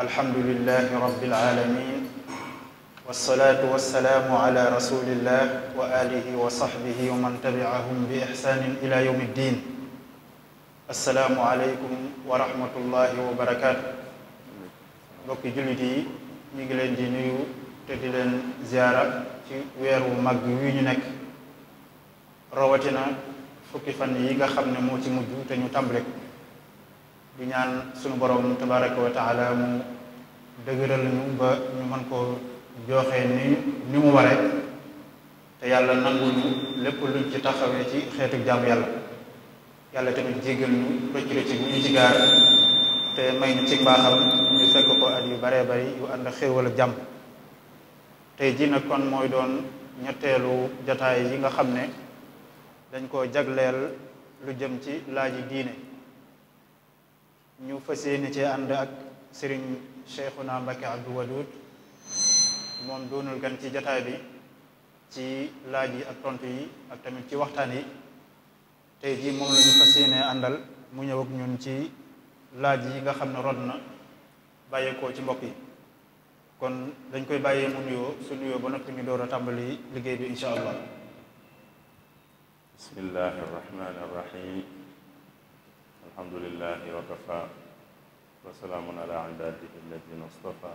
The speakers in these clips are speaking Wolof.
alhamdulilahi rabbil alamin wasalaatu wasalaamu ala rasulillah wa alihi wa sahbihi wa man tabiahum bi ihsanin ila yawmi ddin asalaamu aleykum wa rahmatullahi wa barakaatu mbokki jullit yi ñu ngi leen di nuyu te di leen ziara ci weer wu mag wi ñu nekk rawatina fukki fan yi nga xam ne moo ci mujj te ñu tàmbale ko di ñaan sunu borom tabaraka wa taala mu dëgëral ñu ba ñu mën koo joxe ni ni mu waree te yàlla nangul ñu lépp luñ ci taxawee ci xeetu jàmm yàlla yàlla tamit jéggal te may ñu ci mbaaxam ñu fekk ko at yu baree bari yu ànd ak xéewal ak jàmm tey ji nag kon mooy doon ñetteelu jataay yi nga xam ne dañ koo jagleel lu jëm ci laaji diine ñu fas yéene cee ànd ak sëriñ Cheikhuna Mbacke Abdou Wadoud moom doonul gan ci jataay bi ci laaj yi ak tontu yi ak tamit ci waxtaan yi tey jii moom la ñu fas àndal mu ñëw ak ñun ci laaj yi nga xam ne rod na bàyyeekoo ci mbokk yi kon dañ koy bàyyee mu nuyoo su nuyoo ba noppi ñu door a tàmbali liggéey bi incha allah bismillahi rahmaani rahim alhamdulillahi wa kafa wa salaamun ala ibaadihi alladina astafa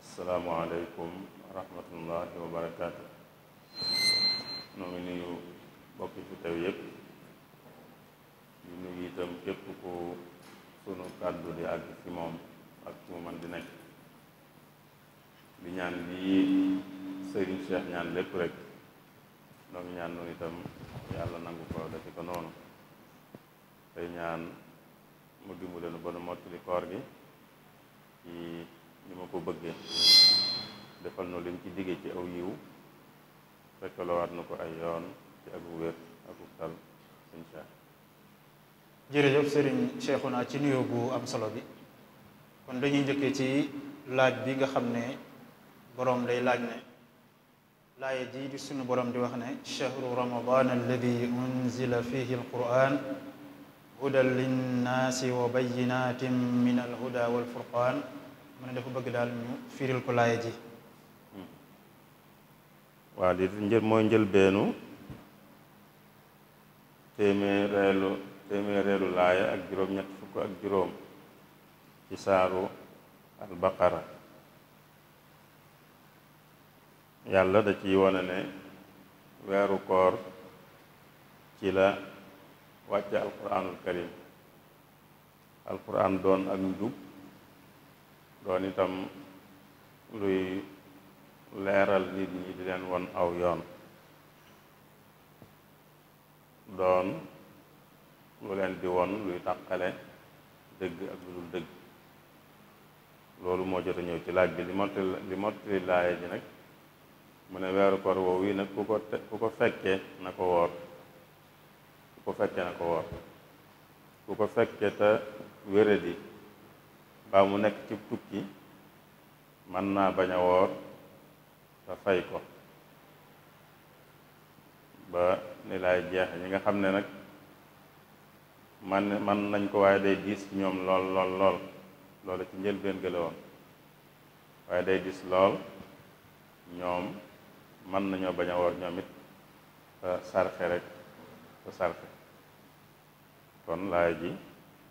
assalaamu aleykum wa rahmatullahi wa barakaatu noo ngi nuyu bokk fi teew yépp di nuyu itam képp ku sunu kàddu di àgg ci moom ak mu man di nekk di ñaan bi sëriñ Cheikh ñaan lépp rek noo ngi ñaan noonu itam yàlla nangu ko defi ko noonu tey ñaan mu dimbale nu ba nu mottali koor gi ci ni ma ko bëggee defal nu leen ci digge ci aw yiw fekkalawaat nu ko ay yoon ci ak wér ak tal insha jërëjëf sëriñ ci nuyoo bu am solo bi kon dañuy njëkkee ci laaj bi nga xam ne boroom day laaj ne laaya ji di sunu boroom di wax ne chahru ramadan alladi unzila fihi alquran hudan linnaasi wa bayyinaatin min alhuda walfurqaan mu ne dafa bëgg daal ñu firil ko laaya ji waa di mooy njëlbeenu téeméereelu téeméereelu laaya ak juróom ñett fukk ak juróom ci saaru albaqara yàlla da ci wone ne weeru koor ci la wàcce alquranul karim alquran doon ak njub doon itam luy leeral nit ñi di leen won aw yoon doon lu leen di won luy tàqale dëgg ak lu dul dëgg loolu moo jot a ñëw ci laaj bi li mottali li mottali laaya ji nag mu ne weeru koor woowu yi nag ku ko ku ko fekkee na ko woor ku fekkee na ko woor ku ko fekkee te wéradi mbaa mu nekk ci tukki mën naa bañ a woor te fay ko ba ni laay jeexe ñi nga xam ne nag man man nañ ko waaye day diis ñoom lool lool lool loolu ci njëlbeen gële woon waaye day diis lool ñoom mën nañoo bañ a woor ñoom it sarxe rek te sarxe kon laay ji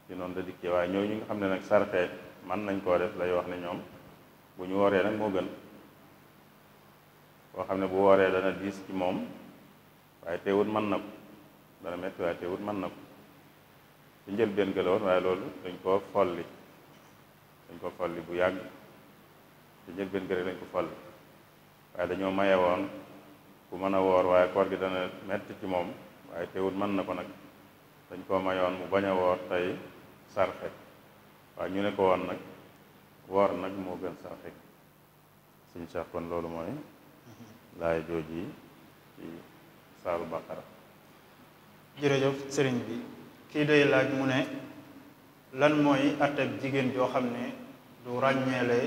ci noonu la dikkee waaye ñooñu nga xam ne nag sarxe man nañ koo def lay wax ne ñoom bu ñu wooree nag moo gën koo xam ne bu wooree dana diis ci moom waaye teewut mën na ko dana metti waaye teewut mën na ko ci njëlbeen ga la waaye loolu dañ koo folli dañ ko folli bu yàgg ci njëlbeen ga rek dañ ko folli waaye dañoo maye woon ku mën a woor waaye koor gi dana metti ci moom waaye teewut mën na ko nag dañ koo mayoon mu bañ a woor tey sarxe waaye ñu ne ko woon nag woor nag moo gën sarxe suñ sax kon loolu mooy laay jooji ci saaru baqara jërëjëf sëriñ bi kii dey laaj mu ne lan mooy àttab jigéen joo xam ne du ràññeele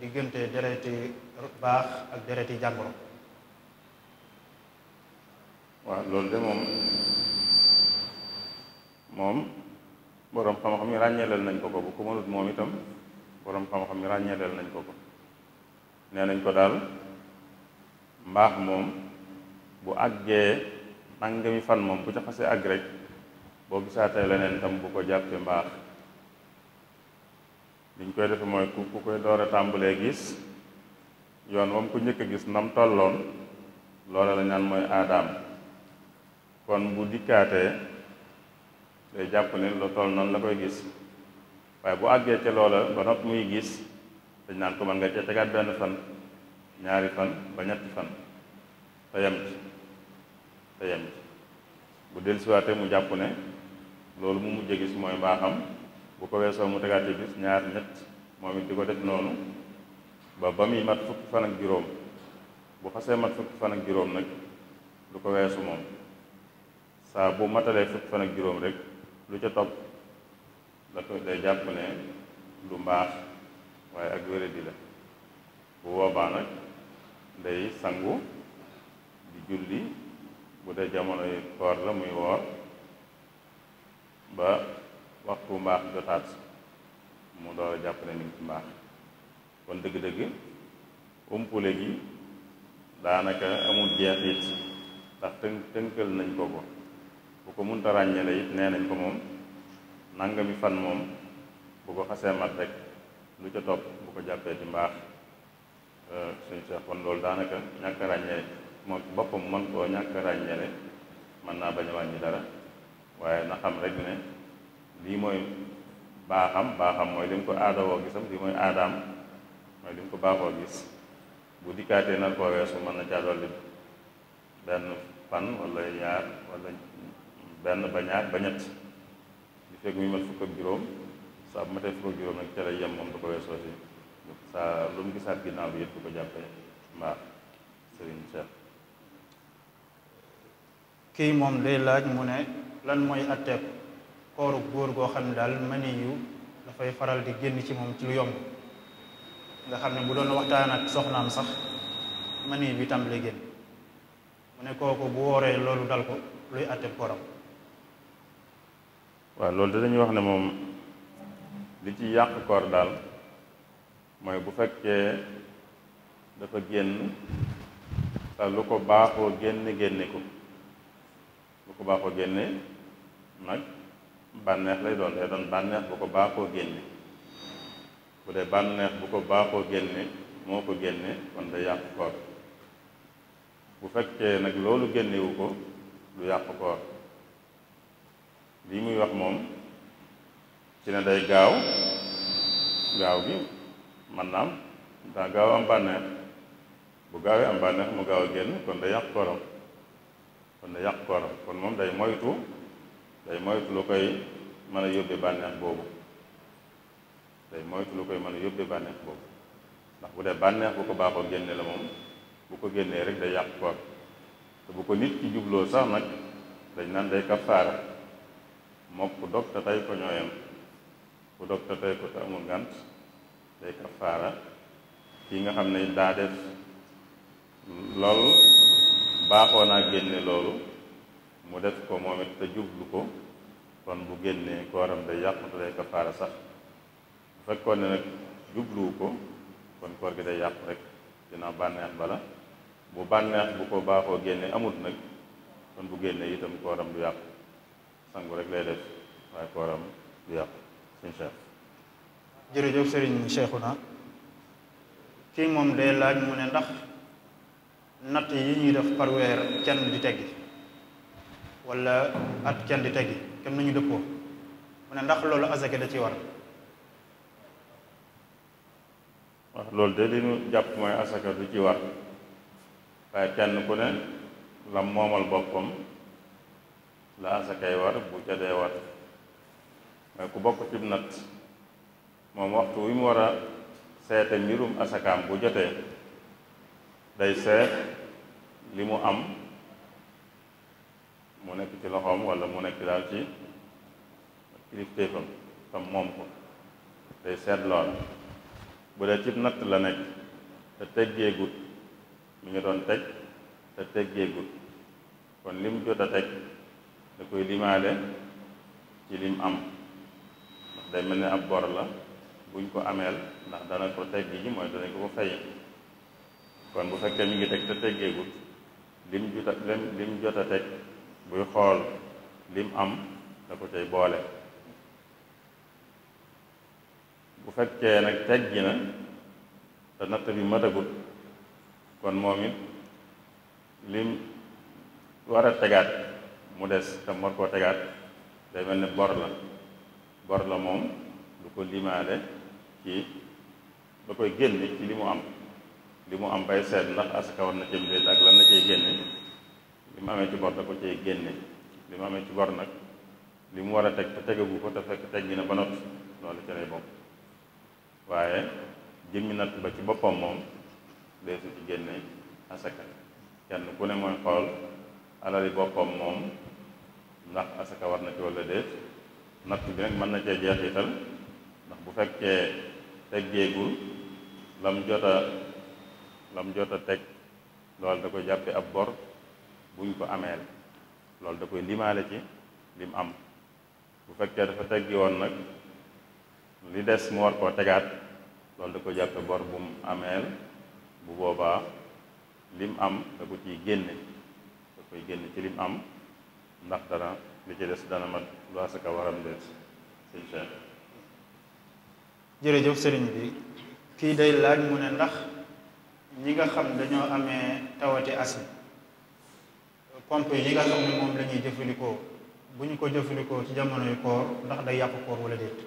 diggante dereti baax ak dereti jàngoro waaw loolu de moom moom boroom xam-xam yi ràññeeleel nañ ko ko bu ko mënut moom itam boroom xam-xam yi ràññeelal nañ ko ko nee nañ ko daal mbaax moom bu àggee nangami fan moom bu ca xasee àgg rek boo gisaatee leneen tam bu ko jàppee mbaax liñ koy defe mooy ku ku koy door a gis yoon moom ku njëkk a gis nam tolloon loole lañ naan mooy aadaam kon bu dikkaatee day jàpp ne lu toll noonu la koy gis waaye bu àggee ci loola ba noppi muy gis dañ naan ko man nga cee tegaat benn fan ñaari fan ba ñetti fan te yem ci te yem ci bu dellusiwaatee mu jàpp ne loolu mu mujj gis mooy mbaaxam bu ko weesoo mu tegaat ci gis ñaar ñett moom it di ko def noonu ba ba muy mat fukki fan ak juróom bu xasee mat fukki fan ak juróom nag du ko weesu moom saa bu matalee fukki fan ak juróom rek lu ca topp da ko day jàpp ne du mbaax waaye ak wéradi la bu boobaa nag day sangu di julli bu dee jamonoy koor la muy woor ba waxtu mbaax jotaat mu door a jàpp ne mi ngi ci mbaax kon dëgg-dëgg umpule gi daanaka amul jeexit ndax tënk tënkal nañ ko ko bu ko munta ràññale it nee nañ ko moom nangami fan moom bu ko xasee mat rek lu ca topp bu ko jàppee di mbaax euh, suñ seex kon loolu daanaka ñàkk ràññale moom boppam mën koo ñàkk ràññale mën naa bañ a wàññi dara waaye na xam rek ne lii mooy baaxam baaxam mooy lim mu ko aadawoo gisam lii mooy aadaam mooy li ko baaxoo gis bu dikkaatee nar koo weesu mën na caa dolli benn fan wala yaar wala benn ba ñaar ba ñett li fekk muy mat fukk ak juróom saa bu matee fukk ak juróom nag ca lay moom du ko weesoo si lu mu gisaat ginnaaw bi yëpp du ko kii moom day laaj mu ne lan mooy atteeb kooru góor goo xam ne daal mani yu dafay faral di génn ci moom ci lu yomb nga xam ne bu doon waxtaan ak soxnaam sax mani bi tam lay mu ne kooku bu wooree loolu dal ko luy atteeb kooram waaw loolu da dañuy wax ne moom li ci yàq koor daal mooy bu fekkee dafa génn te lu ko baaxoo génne génne ko lu ko baaxoo génne nag bànneex lay doon day doon bànneex bu ko baaxoo génne bu dee bànneex bu ko baaxoo génne moo ko génne kon day yàq koor bu fekkee nag loolu génnewu ko du yàq koor lii muy wax moom ci ne day gaaw gaaw gi man naam daa gaaw am bànneex bu gaawee am bànneex mu gaaw a génn kon day yàq kooram kon day yàq kooram kon moom day moytu day moytu lu koy man a yóbbee bànneex boobu day moytu lu koy mën a yóbbee bànneex boobu ndax bu dee bànneex bu ko baaxoo génne la moom bu ko génnee rek day yàq koor te bu ko nit ki jubloo sax nag dañ naan day kafaara mook ku dog te tey ko ñooyam ku dog te tey ko te amul ngant day kafaara kii nga xam ne daa def loolu baaxoo naa génne loolu mu def ko moom it te jublu ko kon bu génnee kooram day yàqu te day kafaara sax bu fekkoon ne nag jubluwu ko kon koor gi day yàqu rek dina bànneex bala bu bànneex bu ko baaxoo génne amut nag kon bu génnee itam kooram du yàqu sangu rek lay def waaye kooram du yàqu sëñ Cheikh jërëjëf sëriñ Cheikhouna kii moom day laaj mu ne ndax natt yi ñuy def par weer di teggi wala at can di teggi kenn nañu dëppoo mu ne ndax loolu azaka da ci war loolu de li ñu jàpp mooy asaka du waaye kenn ku ne la moomal boppam la asakay war bu ca war mooy ku bokk cib nat moom waxtu wi mu war a seete mbirum asakaam bu jotee day seet li mu am mu nekk ci loxoom walla mu nekk daal ci kilifteefam tam moom ko day seet lool bu dee cib natt la nekk te teggee gut mi ngi doon teg te teggee gut kon lim jot a teg da koy limaale ci lim am ndax day mel ni ab bor la buñ ko ameel ndax dana ko teggi ji mooy danañ ko ko fay kon bu fekkee mi ngi teg te teggeegul lim jota lim jot a teg buy xool lim am da ko tey boole bu fekkee nag teggi na te natt bi matagut kon moom it lim war a tegaat mu des te mor koo tegaat day mel ni bor la bor la moom du ko limaale ci da koy génne li mu am li mu am bay seet ndax asaka na cee mbéet ak ci bor da ko cay génne li mu amee ci bor nag li war a te tegagu ko te fekk ba noppi loolu ci lay bopp waaye ci boppam moom dee su ci génne asaka kenn ku ne mooy xool alali boppam moom ndax asaka war na ci walla déet natt bi nag mën na cee jeexital ndax bu fekkee teggeegul lam jota lam jota teg loolu da ko jàppe ab bor buñ ko ameel loolu da koy limaale ci lim am bu fekkee dafa teggi woon nag li des mu war koo tegaat loolu da ko jàppe bor bu mu ameel bu boobaa lim am da ko ciy génne koy génn ci lim am ndax dana li ci des dana mat lu asaka waram dees sëñ Cheikh jërëjëf sëriñ bi kii day laaj mu ne ndax ñi nga xam dañoo amee tawati asib pompe yi nga xam ne moom la jëfandikoo bu ñu ko jëfandikoo ci jamono koor ndax day yàq koor wala déet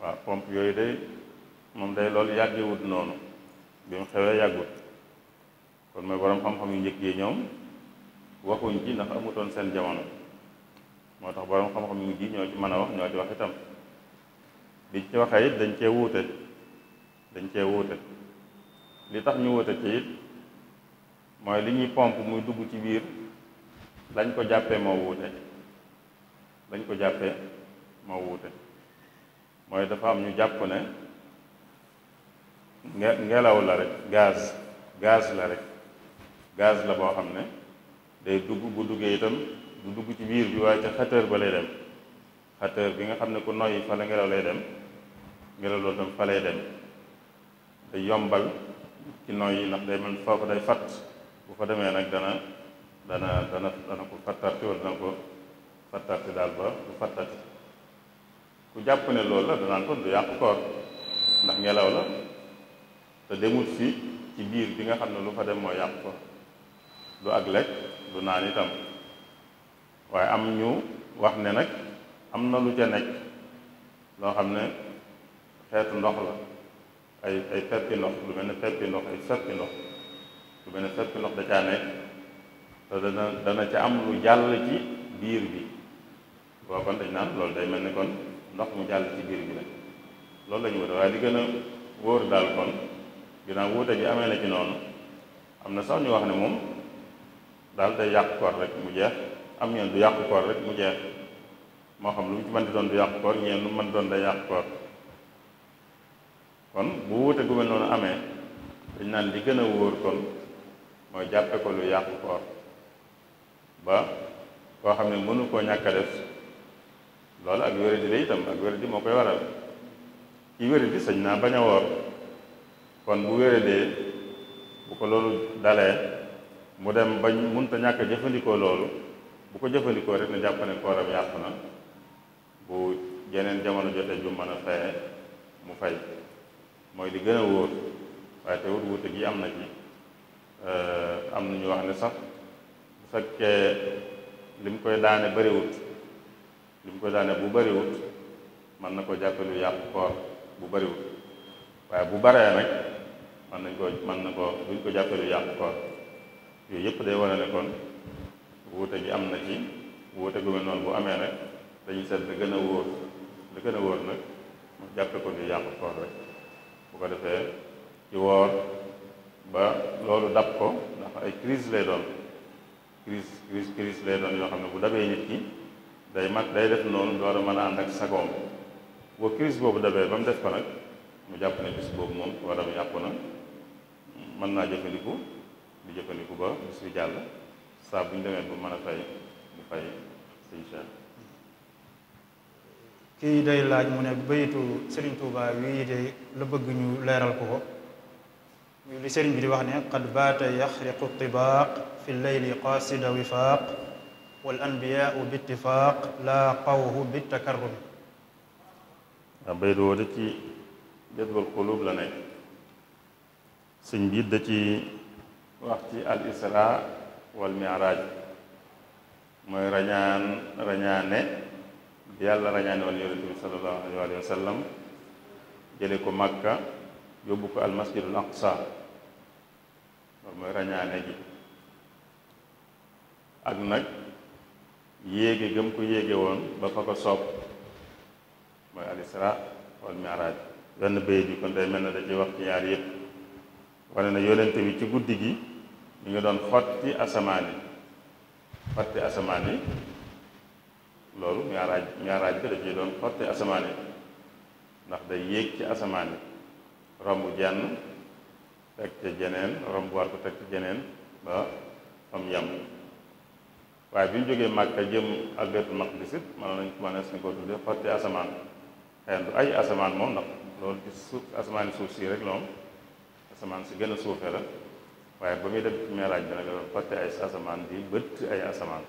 waaw pompe yooyu day moom day loolu yàggewut noonu bi mu xewee yàggut kon mooy borom xam-xam yu njëkk yi ñoom waxuñ ci ndax amutoon seen jamono moo tax borom xam-xam yu mujj ñoo ci mën a wax ñoo ci wax itam bi ci waxee it dañ cee wuute dañ cee wuute li tax ñu wuute ci it mooy li ñuy pompe muy dugg ci biir lañ ko jàppee moo wuute lañ ko jàppee ma wuute mooy dafa am ñu jàpp ne ngelaw la rek gaz gaz la rek gaz la boo xam ne day dugg bu duggee itam du dugg ci biir bi waaye ca xateur ba lay dem xateur bi nga xam ne ko noyyi fa la ngelaw lay dem ngelaw loolu tam fa lay dem day yombal ci noyyi ndax day mel foofu day fatt bu fa demee nag dana dana dana dana ko fattati wala dana ko fattati daal ba du fattati ku jàpp ne loolu la danaan kon du yàq koor ndax ngelaw la te demut si ci biir bi nga xam ne lu fa dem mooy yàq du ak lekk du naan itam waaye am ñu wax ne nag am na lu ca nekk loo xam ne xeetu ndox la ay ay peppi ndox lu mel ne peppi ndox ay seppi lu mel ne da caa nekk te dana dana ca am lu jàll ci biir bi boo kon dañ naan loolu day mel ni kon ndox mu jàll ci biir bi la loolu la ñu waaye di gën a wóor daal kon ginnaaw wuute bi amee na ci noonu am na sax ñu wax ne moom daal day yàqu koor rek mu jeex am ñeen du yàq koor rek mu jeex moo xam lu mu ci mënti doon du yàq koor ñeen lu mu doon day yàq koor kon bu wuute gu mel noonu amee dañ naan di gën a wóor kon mooy jàppe ko lu yàq koor ba koo xam ne mënu koo ñàkk a def loolu ak wéradi la itam ak wéradi moo koy waral ki wéradi sañ naa bañ a woor kon bu wéradee bu ko loolu dalee mu dem bañ munta ñàkk jëfandikoo loolu bu ko jëfandikoo rek na jàpp ne kooram na bu jeneen jamono jotee ju mën a faye mu fay mooy di gën a wóor waaye te wut wuute gi am na ci am na ñu wax ne sax bu fekkee li koy daane bariwut li koy daane bu bariwut mën na ko jàppe lu yàqu koor bu bariwut waaye bu baree nag mën nañ ko mën na ko duñ ko jàppe lu yàqu koor yooyu yëpp day wane ne kon wuute gi am na ci wuute gu mel noonu bu amee nag dañuy seet da gën a wóor la gën a wóor nag mu jàppe ko di yàqu koor rek bu ko defee ci woor ba loolu dab ko ndax ay crise lay doon crise crise crise lay doon yoo xam ne bu dabee nit ki day mag day def noonu door a mën a ànd ak sagoom boo crise boobu dabee ba mu def ko nag mu jàpp ne bis boobu moom waram yàqu na mën naa jëfandiku di jëfandiku ba bis bi jàll saa bu ñu demee bu mën a fay bu fay sëñ Cheikh kii day laaj mu ne bayitu sëriñ Touba wii de la bëgg ñu leeral ko ko li sëriñ bi di wax ne qad baata yaxriqu tibaaq fi leyli qaasida wifaaq wal anbiyaau bi ittifaaq laa qawhu bi takarrum waaw bayit woo da ci jadbal xuluub la nekk sëñ biit da ci wax ci al isra wal miraaj mooy rañaan rañaane bi yàlla rañaane wal yonent bi sallallahu alayhi ko màkka yóbbu ko al masjidul aqsa loolu mooy rañaane gi ak nag yéege gëm ko yéege woon ba fa ko soob mooy al isra wal miraaj benn bayit bi kon day mel na da ci wax ci ñaar yëpp wane na yonent bi ci guddi gi ñu ngi doon xotti asamaan yi xotti asamaan yi loolu miiraaj miiraaj bi daf ci doon xotti asamaan yi ndax day yéeg ci asamaan yi romb jenn teg ca jeneen romb war ko teg ci jeneen ba am yam waaye bi ñu jógee Màkka jëm ak Baytul Maqdis it mën nañ ko mënees ni ko tuddee xotti asamaan xëy du ay asamaan moom ndax loolu ci suuf asamaan suuf sii rek la moom asamaan si gën a suufee la waaye ba muy def meeraaj bi nag dafa xotti ay asamaan di bëtt ay asamaan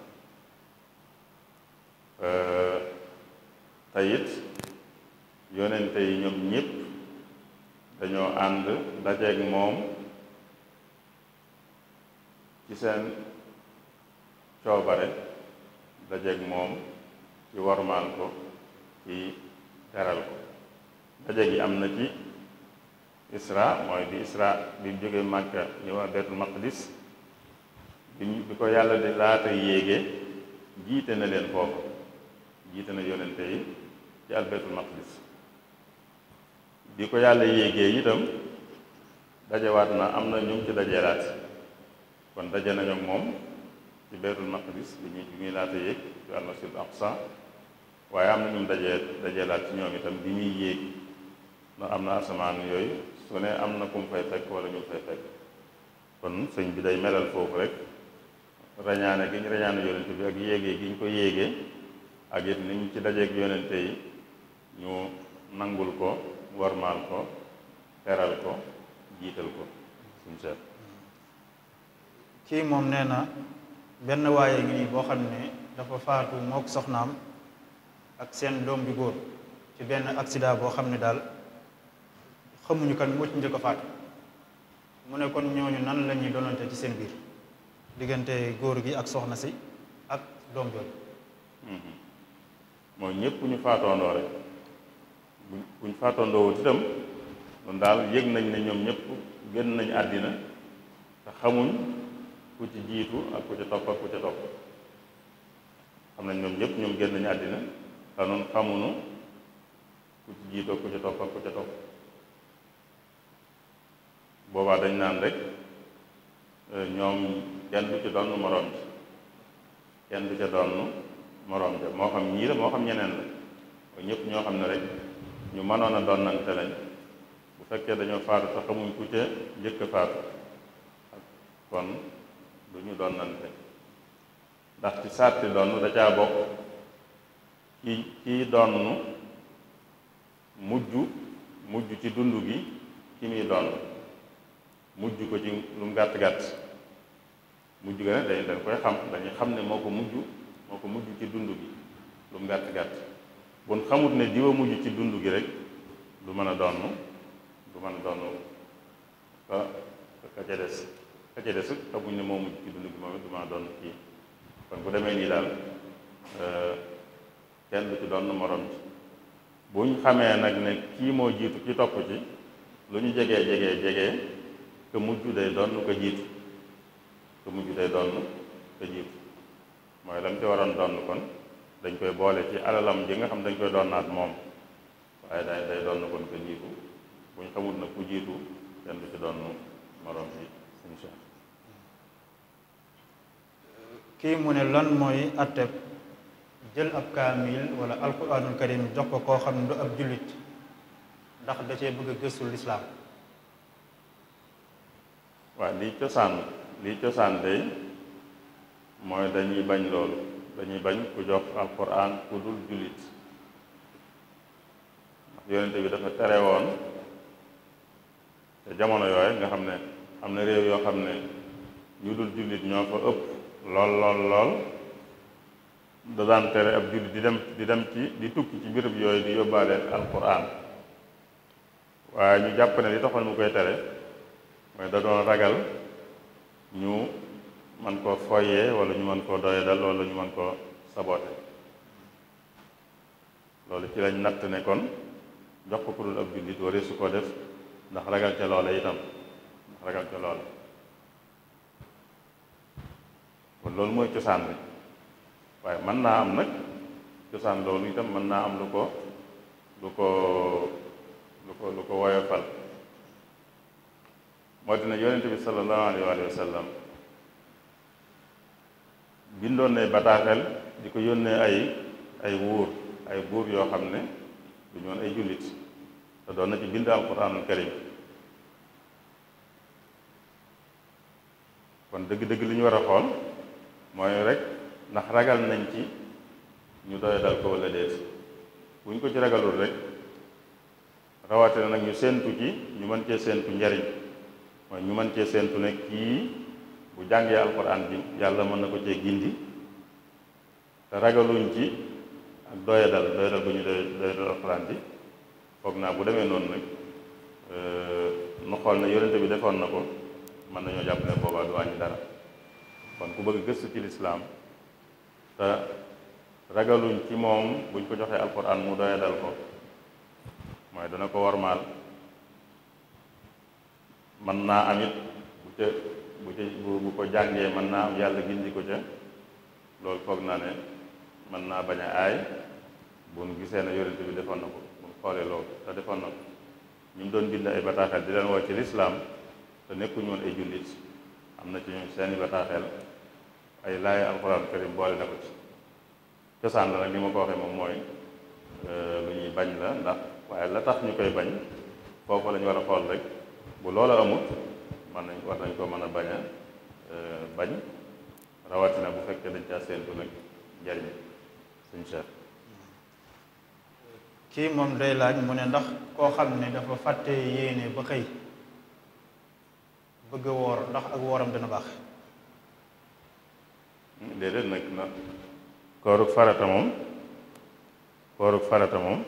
te it yonente yi ñoom ñëpp dañoo ànd dajeeg moom ci seen coobare dajeeg moom ci warmaal ko ci teral ko dajeeg yi am na ci isra mooy bi isra bi mu jógee màkka ñëwa betul maqdis bi ko yàlla di laata yéege jiite na leen foofu jiite na yonente yi ci al betul bi ko yàlla yéegee itam dajewaat na am na ñum ci dajeelaat kon daje nañu moom ci betul maqdis bi ñu bi muy waaye am na ñum dajee dajeelaat ci ñoom itam bi muy yéeg ndax am na asamaan yooyu su ne am na kum fay fekk wala ñu fay fekk kon sëñ bi day melal foofu rek rañaane gi ñu rañaane yonente bi ak yéegee gi ñu ko yéegee ak it ni ñu ci dajeeg yonente yi ñu nangul ko warmaal ko peral ko jiital ko suñ seet kii moom nee na benn waaye ngi nii boo xam ne dafa faatu mook soxnaam ak seen doom bi góor ci benn accident boo xam ne daal xamuñu kan moo ci njëkk a mu ne kon ñooñu nan la ñuy donante ci seen biir diggante góor gi ak soxna si ak doom jooju mhm. mooy ñëpp ñu faatoondoo rek buñ faatoondoo wut itam kon daal yëg nañ ne ñoom ñëpp génn nañu àddina te xamuñ ku ci jiitu ak ku ci topp ak ku ci topp xam nañ ñoom ñëpp ñoom génn nañu àddina te noonu xamuñu ku ci jiitu ak ku ci topp ak ku ci topp boobaa dañ naan rek euh, ñoom kenn du ci doon moroom ji kenn du ca doon moroom ja moo xam ñii moo xam ñeneen la mooy ñëpp ñoo xam ne rek ñu mënoon a doon doonante lañ bu fekkee dañoo faatu te xamuñ ku ca njëkk faatu ak kon du ñu doonante ndax ci sarti doon da caa bokk ci ci doon mujj mujj ci dund gi ki muy doon mujj ko ci lu mu gàtt gàtt mujj ga nag dañ dañ koy xam dañuy xam ne moo ko mujj moo ko mujj ci dund gi lu mu gàtt gàtt bun xamut ne diwa mujj ci dund gi rek du mën a donn du mën a donn ka ka ca des ka ca kii kon bu demee nii daal euh, kenn du ci donn morom ci buñ xamee nag ne kii moo jiitu ci topp ci lu ñu jegee jegee jegee ke mujj day doon ko jiitu ke mujj day doon ko jiitu mooy lam ci waroon doon kon dañ koy boole ci alalam ji nga xam dañ koy doon naat moom waaye day day doon kon ko jiitu bu ñu xamut nag ku jiitu kenn du ci doon moroom bi kii mu ne lan mooy atteb jël ab kaamil wala alquranul karim jox ko koo xam ne ab jullit ndax da cee bëgg a gëstu lislaam waa lii cosaan lii cosaan day mooy dañuy bañ loolu dañuy bañ ku jox alquran ku dul jullit ndax bi dafa tere woon te jamono yooy nga xam ne am na réew yoo xam ne ñu dul jullit ñoo fa ëpp lool lool lool da daan tere ab jullit di dem di dem ci di tukki ci birab yooyu di yóbbaale alquran waaye ñu jàpp ne li taxoon mu koy tere mooy da doon ragal ñu man koo foyee wala ñu mën koo doyadal wala ñu mën koo saboote loolu ci lañ natt nekkoon jox ko ku dul ab jullit waree su ko def ndax ragal ca loola itam ndax ragal ca loola kon loolu mooy cosaan bi waaye mën naa am nag cosaan loolu itam mën naa am lu ko lu ko lu ko lu ko woyofal moo dina yonent bi sallallahu alayhi wa sallam bindoon nay bataaxel di ko yónnee ay ay wuur ay buur yoo xam ne du ñoon ay jullit te doon na ci bind alquranul karim kon dëgg-dëgg li ñu war a xool mooy rek ndax ragal nañ ci ñu doy dal ko wala déet bu ñu ko ci ragalul rek rawatina nag ñu séentu ci ñu mën cee séentu njariñ mooy ñu mën cee séentu ne kii bu jàngee alxuraan bi yàlla mën na ko cee gindi te ragaluñ ci ak doyadal doyadal bu ñu doyadal alxuraan bi foog naa bu demee noonu nag euh, nu xool ne yonente bi defoon na ko mën nañoo jàpp ne boobaa du wàññi dara kon ku bëgg gëstu ci lislaam te ragaluñ ci moom buñ ko joxee alxuraan mu doyadal ko mooy dana ko warmaal man naa am it bu ca bu ca bu ko jàngee mën naa am yàlla gindi ko ca loolu foog naa ne mën naa bañ aay bu nu gisee ne yonent bi defoon na ko bu xoolee loolu te defoon na ko ñu mu doon bind ay bataaxel di leen woo ci lislaam te nekkuñu am na ci seeni bataaxel ay laay alxuraan karim boole na ko ci cosaan la nag li ma ko waxee moom mooy euh, lu ñuy bañ la ndax waaye la tax ñu koy bañ foofu lañu war a xool rek bu loola amut man nañ war nañ koo mën a bañ a euh, bañ rawatina bu fekkee dañ caa séentu nag njariñ suñ seet kii moom day laaj mu ne ndax koo xam ne dafa fàtte yéene ba xëy bëgg a woor ndax ak wooram dina baax déedéet nag na koorug farata moom koorug farata moom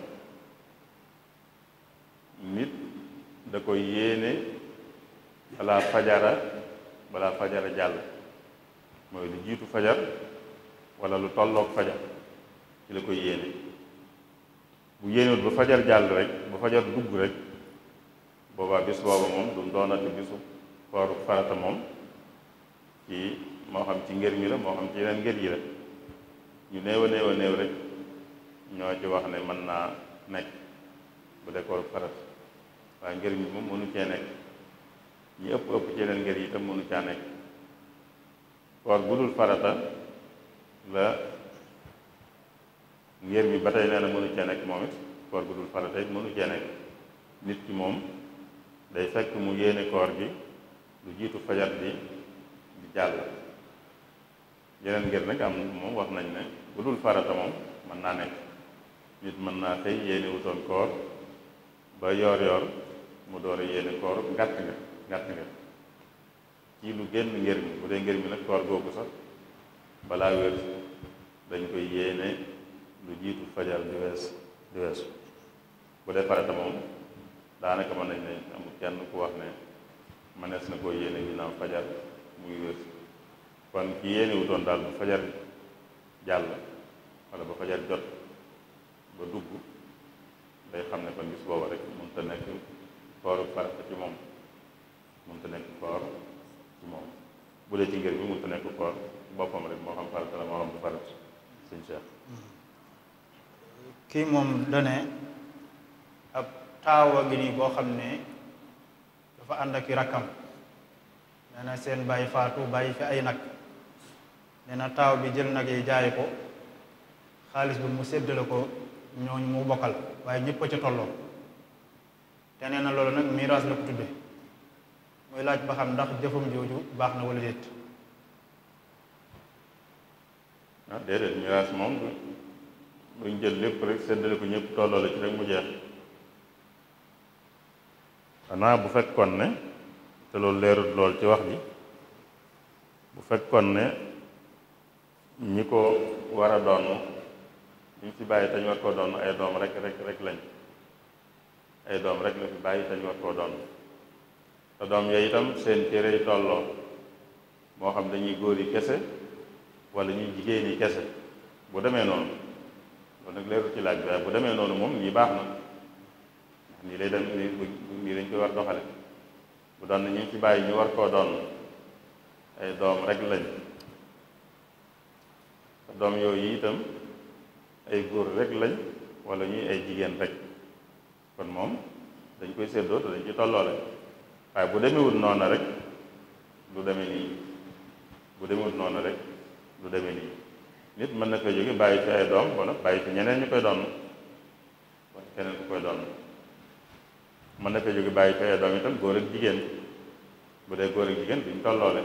da koy yéene balaa fajara balaa fajara jàll mooy lu jiitu fajar wala lu tolloog fajar ci la koy yéene bu yéenewut ba fajar jàll rek ba fajar dugg rek boobaa bis booba moom du doonati bisu kooru farata moom ci moo xam ci ngër mi la moo xam ci yeneen ngër yi la ñu néew a néew rek ñoo ci wax ne mën naa nekk bu dee kooru farata waaye njëriñ moom mënu cee nekk ñi ëpp ëpp ci leen ngër itam mënu caa nekk koor bu dul farata la ngër bi ba tey nee na mënu cee nekk moom it koor bu dul farata it mënu cee nekk nit ki moom day fekk mu yéene koor gi lu jiitu fajar bi di jàll yeneen ngër nag am moom wax nañ ne bu dul farata moom mën naa nekk nit mën naa xëy yéene wutoon koor ba yoor yoor mu door a yéene koor ngàtt nga ngàtt nga ci lu génn ngër mi bu dee ngër nag koor googu sax balaa wér dañ koy yéene lu jiitu fajar di wees di weesu bu dee farata moom daanaka man nañ ne amul kenn ku wax ne mënees na koo yéene ginnaaw fajar muy wér kon ki yéene wu daal bu fajar jàll wala ba fajar jot ba dugg day xam ne kon bis booba rek mënut a nekk kooru moom mënta nekk koor ci moom bu dee rek moo xam farata la moo xam du farata kii moom dane ab taawa gi nii boo xam ne dafa ànd ak i rakkam nee na seen bàyyi faatu bàyyi fi ay nag nee na taaw bi jël nag yi jaay ko xaalis bi mu séddale ko ñooñu mu bokkal waaye ñëpp a tolloo te nee loolu nag miraas la ko tudde mooy laaj ba xam ndax jëfam jooju baax na wala déet ah déedéet miraas moom buñ jël lépp rek séddale ko ñëpp tolloo la ci rek mu jeex xanaa bu fekkoon ne te loolu leerut lool ci wax ji bu fekkoon ne ñi ko war a doon ñu ci bàyyi te ñu war koo doon ay doom rek rek rek lañ ay doom rek la fi bàyyi te ñu war koo doon te doom yooyu itam seen cër yi tolloo moo xam dañuy góor yi kese wala ñuy jigéen yi kese bu demee noonu loolu nag leeru ci laaj bi demee noonu moom ñii baax nii lay dem nii dañ koy war doxale bu doon ñu ci bàyyi ñu war koo doon ay doom rek lañ te doom yooyu itam ay góor rek lañ wala ñuy ay jigéen rek kon moom dañ koy seddoo te dañ ci tolloole waaye bu demewut noona rek lu demee nii bu demewut noona rek lu demee nii nit mën na koy jóge bàyyi ci ay doom wala bàyyi ci ñeneen ñu koy doon wala keneen ku koy doon mën na koy jóge bàyyi ci ay doom itam góor ak jigéen bu dee góor ak jigéen duñ tolloole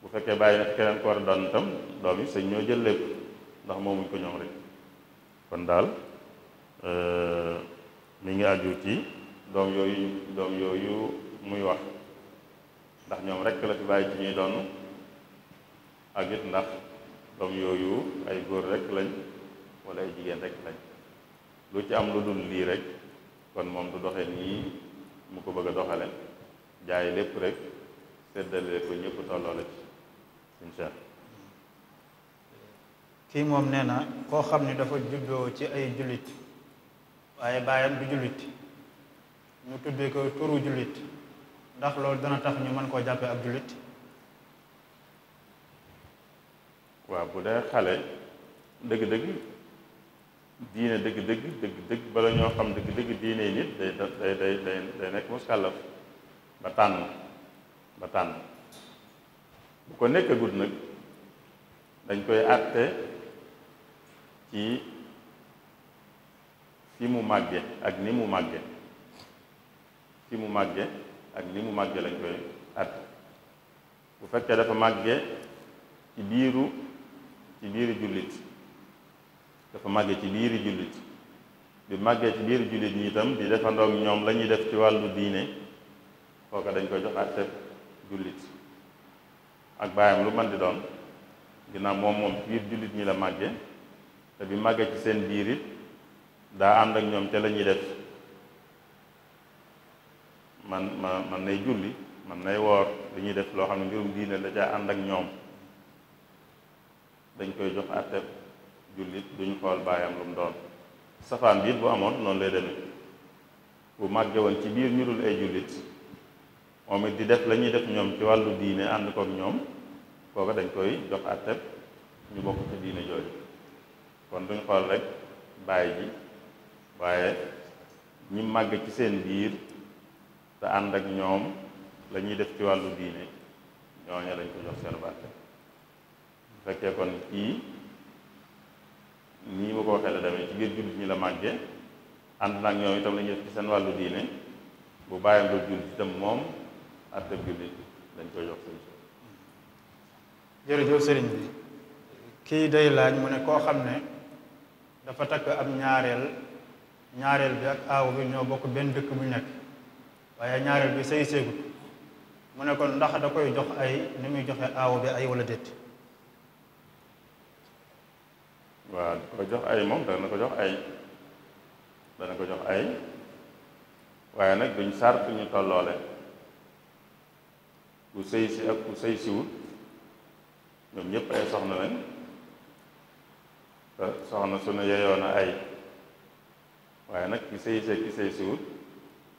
bu fekkee bàyyi na keneen ku war a doon itam doom yi sëñ ñoo jël lépp ndax moomuñ ko ñoom rek kon daal euh, mi ngi aju ci doom yooyu doom yooyu muy wax ndax ñoom rekk la fi bàyyi ci ñuy doon ak it ndax doom yooyu ay góor rekk lañ walla ay jigéen rekk lañ lu ci am lu dul lii rekk kon moom du doxe nii mu ko bëgg a doxale jaay lépp rekk séddale ko ñëpp tolloo la ci insha kii moom nee na koo xam ni dafa juddoo ci ay jullit waaye baayam du jullit ñu tuddee ko turu jullit ndax loolu dana tax ñu mën koo jàppee ab jullit waaw bu dee xale dëgg-dëgg diine dëgg-dëgg dëgg-dëgg bala ñoo xam dëgg-dëgg diine yi nit day day day day nekk muskàllaf ba tànn ba tànn bu ko nekkagut nag dañ koy àtte ci fi mu màgge ak ni mu màgge fi mu màgge ak ni mu màgge lañ koy at bu fekkee dafa màgge ci biiru ci biiru jullit dafa màgge ci biiru jullit bi màggee ci biiru jullit ñi itam di defandoog ñoom lañuy ñuy def ci wàllu diine kooka dañ koy jox àtteb jullit ak baayam lu mën di doon ginnaaw moom moom ci biir jullit ñi la màgge te bi màggee ci seen biir it daa ànd ak ñoom ca la ñuy def man ma man nay julli man nay woor li ñuy def loo xam ne mbirum diine la ca ànd ak ñoom dañ koy jox àtteb jullit duñ xool baayam lu mu doon safaan biit bu amoon noonu lay demee bu màgge woon ci biir ñu ay jullit moom it di def lañuy def ñoom ci wàllu diine ànd kook ñoom kooka dañ koy jox àtteb ñu bokk ci diine jooju kon duñ xool rek bàyyi ji waaye ñi màgg ci seen biir te ànd ak ñoom lañuy def ci wàllu diine ñooña lañ ko jox seen barke bu fekkee kon kii nii ma ko waxee la ci biir jullit ñi la màggee ànd naag ñoom itam la def ci seen wàllu diine bu bàyyam doo jullit itam moom àttab jullit dañ koy jox seen so jërëjëf bi kii day laaj mu ne koo xam ne dafa takk ab ñaareel ñaareel bi ak aaw bi ñoo bokk benn dëkk bu nekk waaye ñaareel bi say seegut mu nekkoon ndax da koy jox ay ni muy joxe aaw bi ay wala déet waaw da ko jox ay moom dana ko jox ay dana ko jox ay waaye nag duñ sart ñu tolloole ku sëy si ak ku sëy siwut ñoom ñëpp ay soxna lañ soxna su ne yeyoo ay waaye nag ki sëy seeg ki sëy suut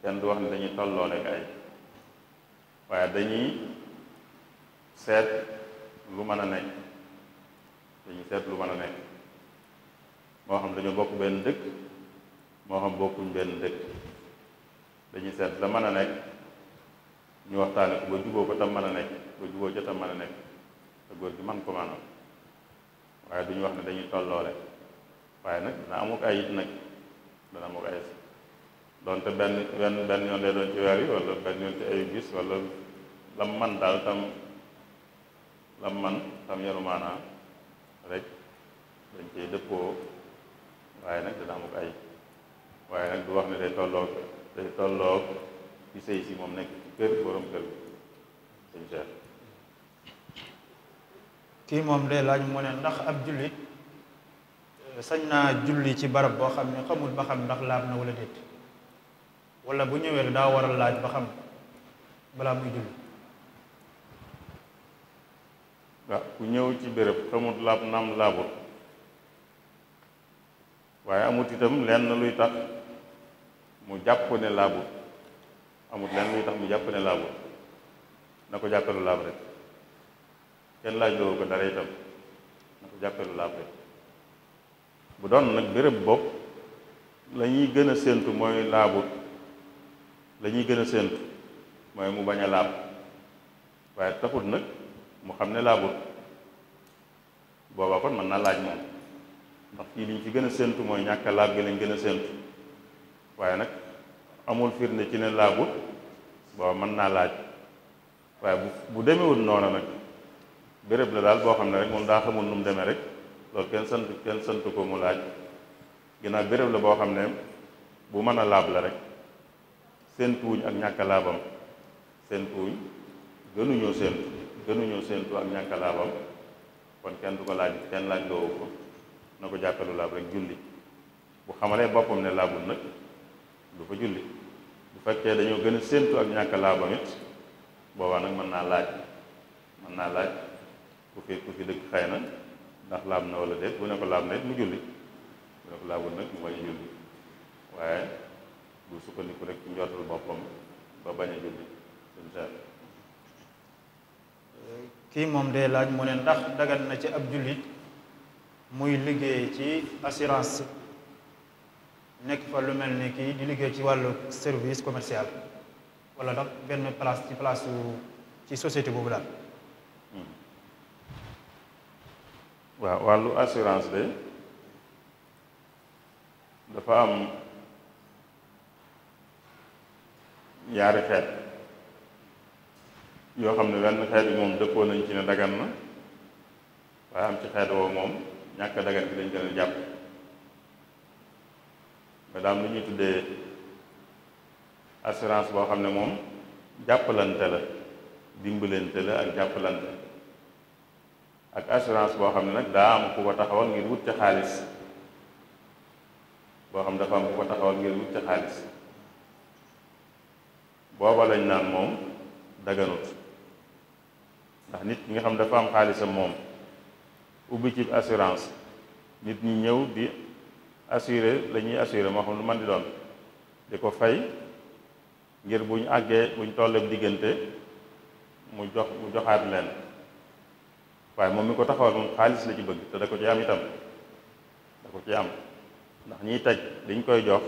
kenn du wax ne dañuy tolloole ak ay waaye dañuy seet lu mën a nekk dañuy seet lu mën a nekk moo xam dañu bokk benn dëkk moo xam bokkuñ benn dëkk dañuy seet la mën a nekk ñu waxtaane ko ba juboo ko tam mën a nekk ba juboo jotam mën a nekk te góor gi man ko maanaam waaye duñu wax ne dañuy tolloole waaye nag dina amuk ay it nag dana mu ayib donte benn benn benn yoon lay doon ci yi wala benn yoon ci ayu gis wala lam man daal tam lam man tam yenu maanaa rek dañ cey dëppoo waaye nag dana amuk ayib waaye nag du wax ne day tolloog day tolloog ci sëy si moom nekk kër borom kër bi sëñ Cheikh kii moom day laaj mu ne ndax ab jullit sañ naa julli ci barab boo xam ne xamul ba xam ndax laab na wala déet wala bu ñëwee daa war a laaj ba xam balaa muy julli waaw ku ñëw ci béréb xamul laab naam laabut waaye amut itam leen na luy tax mu jàpp ne laabut amut lenn luy tax mu jàpp ne laabut na ko jàppeelu laab rek kenn laaj loo ko dara itam na ko jàppeelu laab rek bu doon nag béréb bopp la ñuy gën a séentu mooy laabut la ñuy gën a séentu mooy mu bañ a laab waaye taxut nag mu xam ne laabut boobaa kon man naa laaj moom ndax fii liñ ci gën a séentu mooy ñàkk laab bi lañ gën a séentu waaye nag amul firnde ci ne laabut booba mën naa laaj waaye bu bu demewul noona nag béréb la daal boo xam ne rek moom daa xamul nu mu demee rek loolu kenn sant kenn sant ko mu laaj ginnaaw béréb la boo xam ne bu mën a laab la rek séentu wuñ ak ñàkk a laabam séentu wuñ gënuñoo séentu gënuñoo séentu ñàkk a kon kenn du ko laaj kenn laaj loo ko ko jàppalu laab julli bu xamalee boppam ne laabul nag du fa julli bu fekkee dañoo gën a séentu ak ñàkk a laabam it mën naa laaj mën naa laaj ku fi ku fi dëkk xëy na ndax laab na wala déet bu ne ko laab na it mu julli bu ne ko nag mu bañ a julli waaye bu sukkandiku rek ci boppam ba bañ a julli suñ seet kii moom day laaj mu ne ndax dagan na ci ab jullit muy liggéey ci assurance nekk fa lu mel ni kii di liggéey ci wàllu service commercial wala ndax benn place ci place ci société boobu daal waaw wàllu assurance de dafa am yaari xeet yoo xam ne benn xeet bi moom dëppoo nañ ci ne dagan na waaye am ci xeet woo moom ñàkk dagan bi dañ gën a jàpp nga daam lu ñuy tuddee assurance boo xam ne moom jàppalante la dimbalante la ak jàppalante ak assurance boo xam ne nag daa am ku ko taxawal ngir wut ca xaalis boo xam dafa am ku ko taxawal ngir wut ca booba lañ naan moom daganut ndax nit ki nga xam dafa am sa moom ubbi ci assurance nit ñi ñëw bi assure lañuy assure assuré moo xam lu man di doon di ko fay ngir bu ñu àggee bu ñu tollee diggante mu jox mu joxaat leen waaye moom mi ko taxawal moom xaalis la ci bëgg te da ko ci am itam da ko ci am ndax ñiy taj liñ koy jox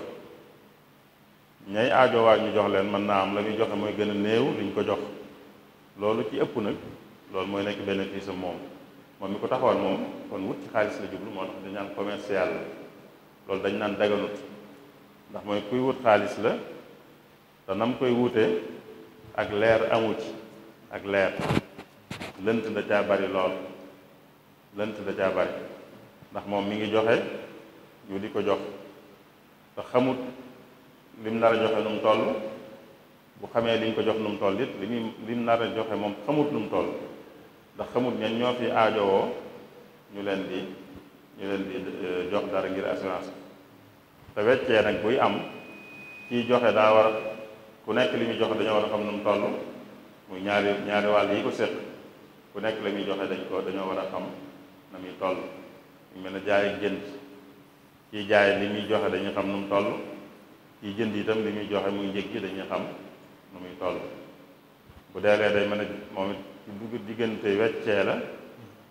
ñay aajoowaay ñu jox leen mën naa am la muy joxe mooy gën a néew liñ ko jox loolu ci ëpp nag loolu mooy nekk bénéfice am moom moom mi ko taxoon moom kon wut ci xaalis la jublu moo tax dañ naan commercial la loolu dañ naan daganut ndax mooy kuy wut xaalis la te nam koy wutee ak leer amu ci ak leer lënt da caa bari lool lënt da caa bari ndax moom mi ngi joxe ñu di ko jox te xamut lim nar a joxe nu mu toll bu xamee liñ ko jox nu mu toll it li muy lim nar a joxe moom xamut nu mu ndax xamut ñan ñoo fi aajowoo ñu leen di ñu leen di eh, jox dara ngir assurance te weccee nag buy am ciy joxe daa war ku nekk li muy jox dañoo war a xam nu mu muy ñaari ñaari wàll yi ko séq bu nekk la ñuy joxe dañ ko dañoo war a xam na muy toll ñu mel ne jaay ak jënd kii jaay li muy joxe dañuy xam nu mu toll kii jënd itam li muy joxe muy njëg dañuy xam nu muy bu deelee day mën a moom it ci diggante weccee la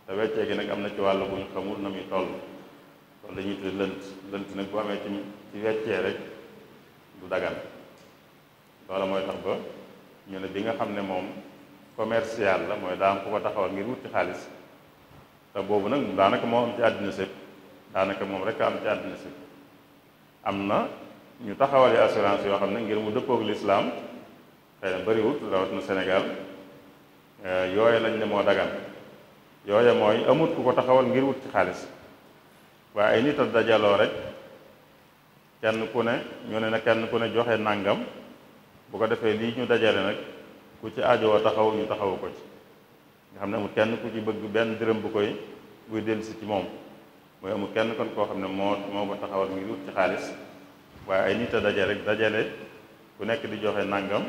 te weccee gi nag am na ci wàll bu ñu xamul na muy toll loolu la ñuy lënt lënt nag bu amee ci ci weccee rek du dagan loola mooy tax ba ñu ne bi nga xam ne moom commercial la mooy daa am ku ko taxawal ngir wut ci xaalis te boobu nag daanaka moo am ci àddina sépp daanaka moom rek am ci àddina sépp am na ñu taxawale assurance yoo xam ne ngir mu dëppoog lislaam xëy na bëriwut rawat na Sénégal euh, yooye lañ ne moo dagan yooye mooy amut ku ko taxawal ngir wut ci xaalis waaye ay nit a dajaloo rek kenn ku ne ñu ne nag kenn ku ne joxe nàngam bu ko defee lii ñu dajale nag ku ci aajowoo taxaw ñu taxawu ko ci nga xam ne amul kenn ku ci bëgg benn dërëm bu koy buy si ci moom mooy amul kenn kon koo xam ne moo moo ko taxawal mu wut ci xaalis waaye ay nit a daje rek dajale ku nekk di joxe nangam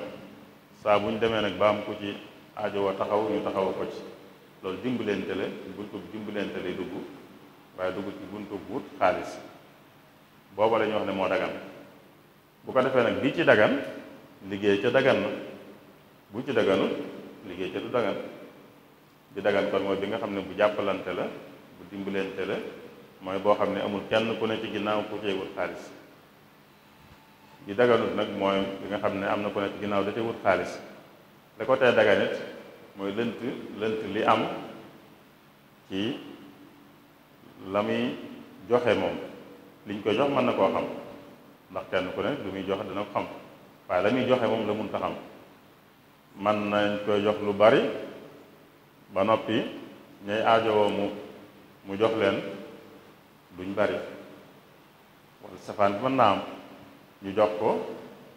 saa bu ñu demee nag ba am ku ci aajowoo taxaw ñu taxawu ko ci loolu dimb dimbalante la buntu dimbalante lay dugg waaye dugg ci buntu wut xaalis booba la ñu wax ne moo dagan bu ko defee nag bi ci dagan liggéey ca dagan na bu ci daganul liggéey ca du dagan bi dagan kon mooy bi nga xam ne bu jàppalante la bu dimbalante la mooy boo xam ne amul kenn ku ne ci ginnaaw ku cay wut xaalis bi daganut nag mooy bi nga xam ne am na ku ne ci ginnaaw da cay wut xaalis la ko tee dagan mooy lënt lënt li am ci la muy joxe moom liñ koy jox mën na koo xam ndax kenn ku ne lu muy jox dana ko xam waaye la muy joxe moom la mun ta xam mën nañ koy jox lu bari ba noppi ñay aajowoo mu mu jox leen duñ bari wala safaan bi naa am ñu jox ko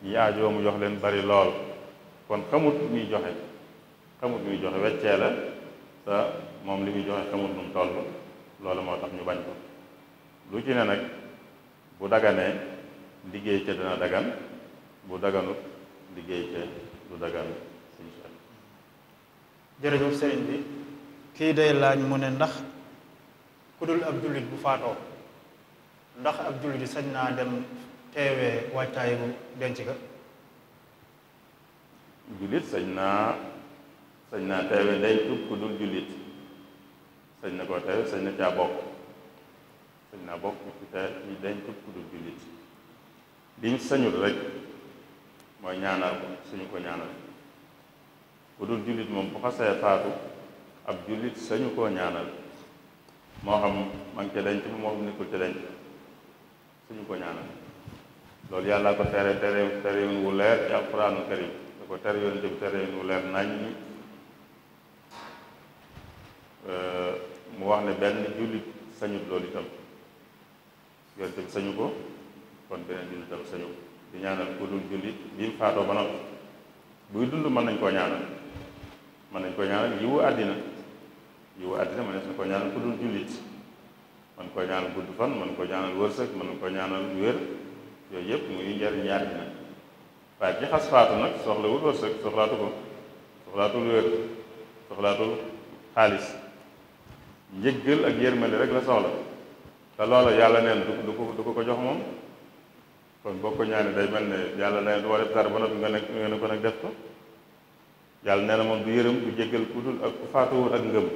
ñi aajowoo mu jox leen bari lool kon xamut muy joxe xamut muy joxe weccee la te moom li muy joxe xamut nu mu toll loolu moo tax ñu bañ ko lu ci ne nag bu daganee liggéey ca dana dagan bu daganut liggéey ca du dagan jërëjëf sëriñ bi kii day laañ mu ne ndax ku dul ab jullit bu faatoo ndax ab jullit sañ naa dem teewee waajtaayu denc ga jullit sañ naa sañ naa teewee denc ku dul jullit sañ na koo teewe sañ na caa sañ naa bokk ci tee ci denc ku dul jullit liñ sañul rek mooy ñaanal ko suñu ko ñaanal bu dul jullit moom bu xasee faatu ab jullit sañu koo ñaanal moo xam ma ngi ca denc moo xam nekkul ca denc suñu ko ñaanal loolu yàlla ko tere tere tere yoon wu leer ci alquraanul karim da ko tere yoon jëm tere wu leer nañ mu wax ne benn jullit sañut loolu itam sañu ko kon beneen jullit itam sañu ko di ñaanal ku dul jullit bi faatoo ba noppi buy dund mën nañ koo ñaanal mën nañ koo ñaanal yiwu àddina yiwu àddina mën nañ koo ñaanal dul jullit mën koo ñaanal gudd fan mën koo ñaanal wërsëg mën koo ñaanal wér yooyu yëpp muy njariñ àddina waaye ci xas faatu nag soxlawul wërsëg soxlaatu ko soxlaatul wér soxlaatul xaalis njëggal ak yërmande rek la soxla te loola yàlla neen du ko du ko ko jox moom kon boo ko ñaanee day mel ne yàlla neen du def dara ba noppi nga ne nga ne ko nag def ko yàlla nee na moom du yërëm du jéggal ku dul ak ku faatoowul ak ngëm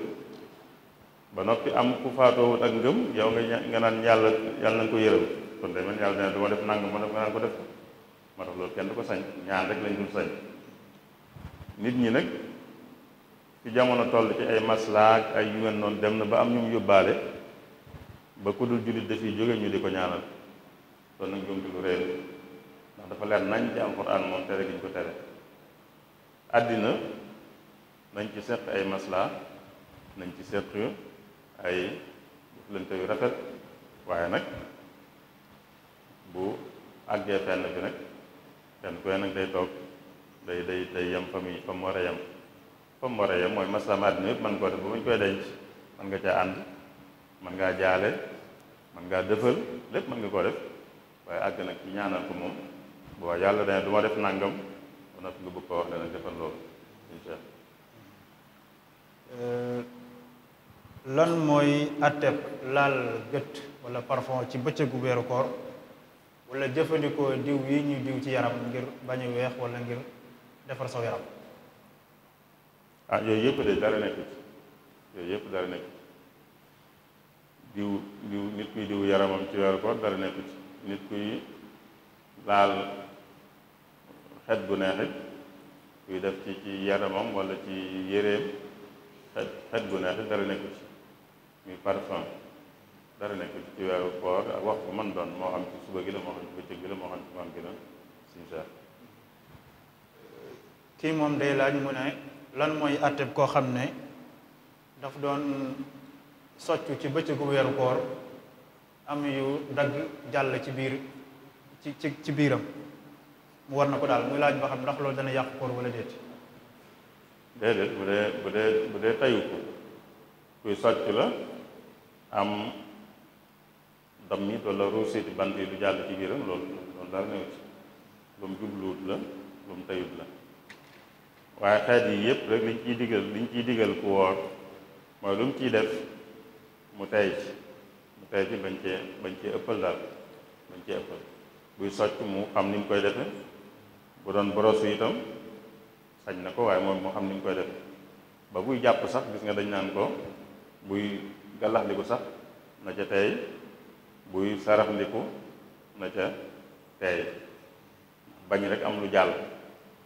ba noppi am ku faatoowul ak ngëm yow nga nga naan yàlla yàlla na ko yërëm kon day mel yàlla nee na du def nangam ma def nga naan ko def moo tax loolu kenn ko sañ ñaan rek lañ dul sañ ñi nag ci jamono toll ci ay maslaak ay yu mel noonu dem na ba am ñu mu yóbbaale ba ku dul jullit dafiy jóge ñu di ko ñaanal kon nag jomti lu réer ndax dafa leen nañ ci alxuraan moom tere gi ñu ko tere àddina nañ ci seq ay masla nañ ci seq ay jëflante yu rafet waaye nag bu àggee fenn fi nag kenn ku nag day toog day day day yem fa muy fa mu war a yem fa mu war a yem mooy maslaama àddina yëpp mën koo def ba bu nga caa ànd ngaa jaale mën ngaa dëfal lépp mën nga koo def waaye àgg nag ci ñaanal ko moom boo yàlla dana du ma def nangam noppi nga bëgg koo wax dana jëfan loolu incha euh, lan mooy atteb laal gët wala parfum ci bëccëgu weeru koor wala jëfandikoo diw yi ñuy diw ci yaram ngir bañ a weex wala ngir defar saw yaram ah yooyu yëpp de dara nekk ci yooyu yëpp dara nekk ci diw diw nit kuy diw yaramam ci weeru koor dara nekk ci nit kuy laal xet gu neexit kuy def ci ci yaramam walla ci yéreem xet xet gu neexit dara nekku ci muy parfum dara nekku ci ci weeru koor ak wax bu mën doon moo xam suba gi la moo xam ci gi la moo xam gi la suñu seex kii moom day laaj mu ne lan mooy àtteb koo xam ne daf doon soccu ci bëccëgu weeru koor am yu dagg jàll ci biir ci ci ci biiram mu war na ko daal muy laaj ba xam ndax loolu dana yàq koor wala déet déedéet bu dee bu dee bu dee tayu ko kuy sàcc la am dammit wala ruusit bant yi lu jàll ci biiram loolu loolu dara newu ci lu mu jubluwut la lu mu tayut la waaye xeet yi yépp rek liñ ciy digal liñ ciy digal ku woor mooy lu mu ciy def mu tey ci mu tey ci bañ cee bañ ëppal daal bañ cee ëppal buy socc mu xam ni mu koy defee bu doon borosu itam sañ na ko waaye moom moo xam ni mu koy def ba buy jàpp sax gis nga dañ naan ko buy gàllaxndiku sax na ca tey buy saraxndiku na ca tey bañ rek am lu jàll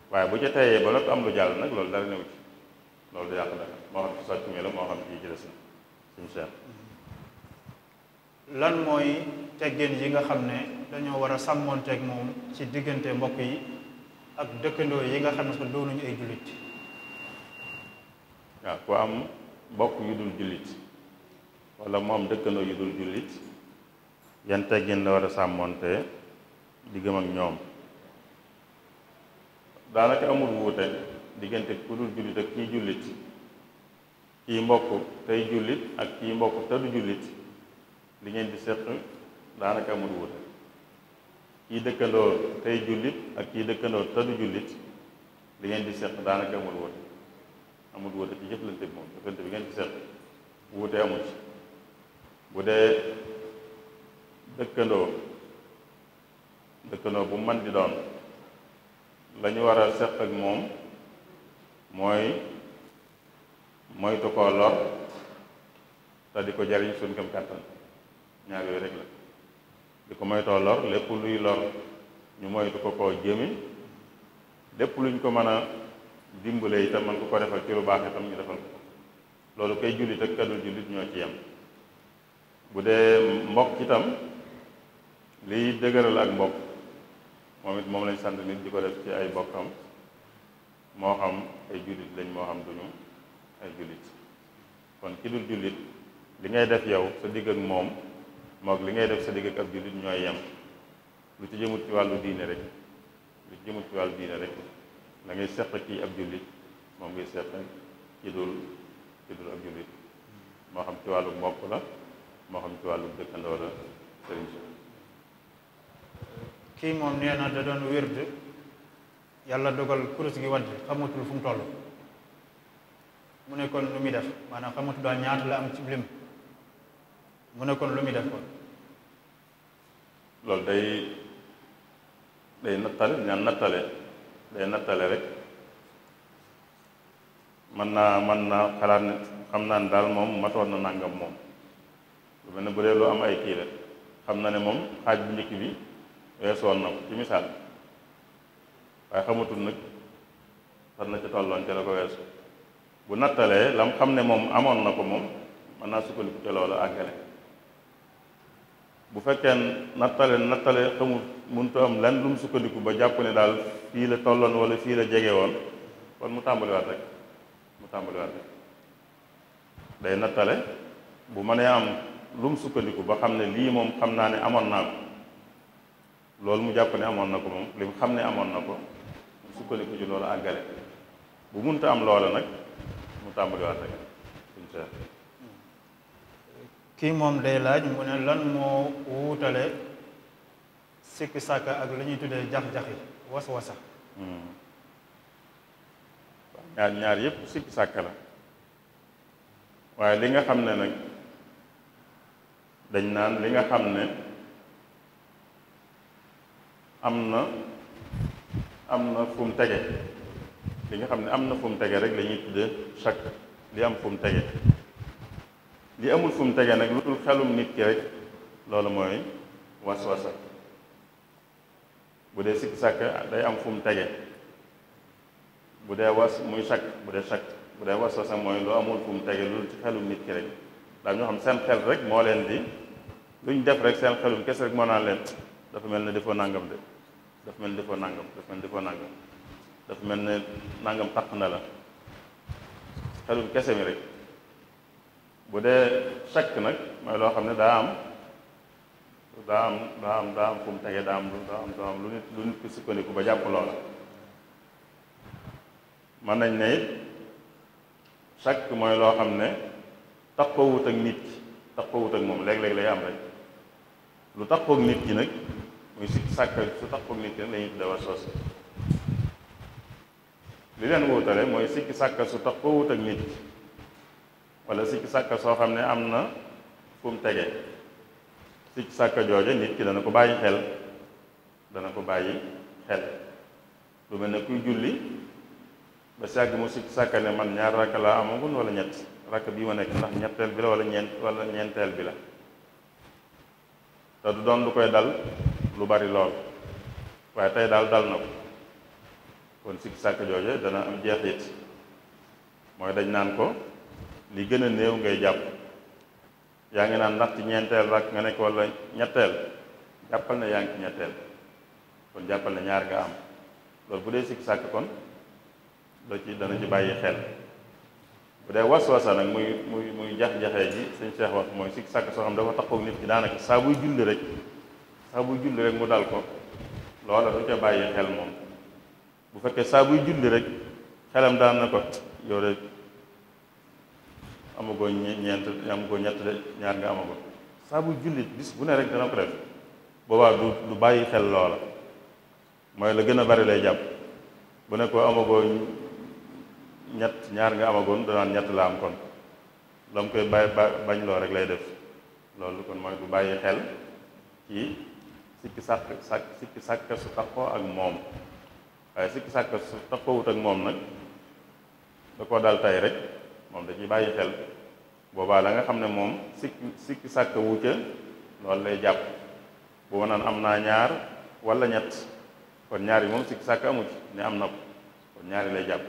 waaye bu ca teyee ba noppi am lu jàll nag loolu dara newu ci loolu du yàq dara moo xam ci sàcc mi la moo xam ci jëles na suñu seet lan mooy teggin yi nga xam ne dañoo war a sàmmoonteeg moom ci diggante mbokk yi ak dëkkandoo yi nga xam ne sax ñu ay jullit waaw ku am mbokk yu dul jullit wala moom dëkkandoo yu dul jullit yan teggin la war a sàmmoonte diggam ak ñoom daanaka amul wuute diggante ku dul jullit ak kii jullit kii mbokk tey jullit ak kii mbokk te du jullit li ngeen di seq daanaka amul wuute kii dëkkandoo tey jullit ak kii dëkkandoo tëdu jullit li ngeen di seq daanaka amul wóote amul wóote ci bi moom jëflante bi ngeen di seq wuute amul bu dee dëkkandoo dëkkandoo bu man di doon lañu ñu war a seq ak moom mooy moytu koo lor te di ko jariñ suñ kam kàttan ñaar yooyu rek la li ko moytoo lor lépp luy lor ñu moytu ko koo jëmi lépp luñ ko mën a dimbale itam man ko ko defal ci lu baax itam ñu defal ko loolu kay jullit ak kadul jullit ñoo ci yam bu dee mbokk itam liy dëgëral ak mbokk moom it moom lañ sant nit di ko def ci ay bokkam moo xam ay jullit lañ moo xam duñu ay jullit kon ki dul jullit li ngay def yow sa digg ak moom moog li ngay def sa digg ak ab jullit ñooy yem lu ci jëmut ci wàllu diine rek lu ci jëmut ci wàllu diine rek la ngay seq ci ab jullit moom ngay seq ci dul ci dul ab jullit moo xam ci wàllu mbokk la moo xam ci wàllu dëkkandoo la sëriñ si kii moom nee na da doon wérd yàlla dogal kurus gi wante xamatul fu mu toll mu nekkoon lu muy def maanaam xamatul daal ñaata la am ci lim mu nekkoon lu muy def kon loolu day day nattale ñaan nattale day nattale rek mën naa mën naa xalaat ne xam naa ne daal moom matoon na nàngam moom lu mel ne bu dee lu am ay kii la xam na ne moom xaaj bu njëkk bi weesoon na ko ci misaal waaye xamatul nag fan na ci tolloon ca la ko weesu bu nattalee la xam ne moom amoon na ko moom mën naa sukkandiku ca loolu àggale bu fekkee nattale nattale xamul mënut am lenn lu sukkandiku ba jàpp ne daal fii la tolloon wala fii la jege woon kon mu tàmbaliwaat rek mu tàmbaliwaat rek day nattale bu mënee am lum sukkandiku ba xam ne lii moom xam naa ne amoon naa ko loolu mu jàpp ne amoon na ko moom li mu xam ne amoon na ko mu sukkandiku ci loolu àggale bu mënta am loola nag mu tàmbaliwaat rek. kii moom day laaj mu ne lan moo wutale sikk sàkka ak lañuy tuddee jax-jaxi was-wasa hmm. ñaar ñaar yépp sikki sàkka la waaye li nga xam ne nag dañ naan li nga xam ne am na am na fu mu tege li nga xam ne am na fu mu tege rek lañuy ñuy tuddee chakk li am fu mu tege li amul fu mu tege nag lu dul xelum nit ki rek loolu mooy waswasa bu dee sikk sàkk day am fu mu tege bu dee was muy sakk bu dee sakk bu dee waswasa mooy lu amul fu mu tege lu dul ci xelum nit ki rek daal ñoo xam seen xel rek moo leen di luñ def rek seen xelum kese rek moo naan leen dafa mel ne defoo nangam de dafa mel ne defoo nangam dafa mel ne defoo nangam dafa mel ne nangam taq na la xelum kese mi rek bu dee chakk nag mooy loo xam ne daa am daa am daa am daa am fu mu tege daa am daa am daa am lu nit lu nit ki sukkandiku ba jàpp loola mën nañ ne it chakk mooy loo xam ne tax taxawut ak nit ki taxawut ak moom léeg-léeg lay am rek lu tax taxaw nit ki nag muy si sàkk su taxaw nit ki nag lañuy tudde wasoos li leen wutale mooy sikki sàkk su taxawut ak nit ki wala sikki sàkk soo xam ne am na fu mu tege sikki sàkka jooje nit ki dana ko bàyyi xel dana ko bàyyi xel lu mel ne kuy julli ba sàgg mu sikki sàkka ne man ñaar rakk laa amagun wala ñett rakk bii ma nekk ndax ñetteel bi la wala ñeent walla ñenteel bi la te du doon lu koy dal lu bari lool waaye tey daal dal na ko kon sikki sàkk jooje dana am jeexit mooy dañ naan ko li gën a néew ngay jàpp yaa ngi naan ndax ci ñeenteel rak nga nekk wala ñetteel jàppal na yaa ngi ci ñetteel kon jàppal na ñaar nga am loolu bu dee sikki sàkk kon loo ci dana ci bàyyi xel bu dee waswasa nag muy muy muy jax jaxe ji suñ seex wax mooy sikki sàkk soo xam dafa taxoog nit ki daanaka saa buy julli rek saa julli rek mu dal ko loola du ca bàyyi xel moom bu fekkee saa julli rek xelam daan amagoo ñeent amagoo ñett de ñaar nga amagoo saa bu jullit bis bu ne rek dana ko def boobaa du du bàyyi xel loola mooy la gën a bari lay jàpp bu ne ko amagoo ñett ñaar nga amagoon danaan ñett la am kon la mu koy bàyyi bañ loo rek lay def loolu kon mooy du bàyyi xel ci sikki sàkk sàkk sikki sàkk su taxoo ak moom waaye sikki sàkk su taxoowut ak moom nag da koo dal tay rek moom da ciy bàyyi xel boobaa la nga xam ne moom sikki sikki sàkk wu ca loolu lay jàpp bu ma naan am naa ñaar wala ñett kon ñaar yi moom sikki sàkk amu ci ne am na ko kon ñaari lay jàpp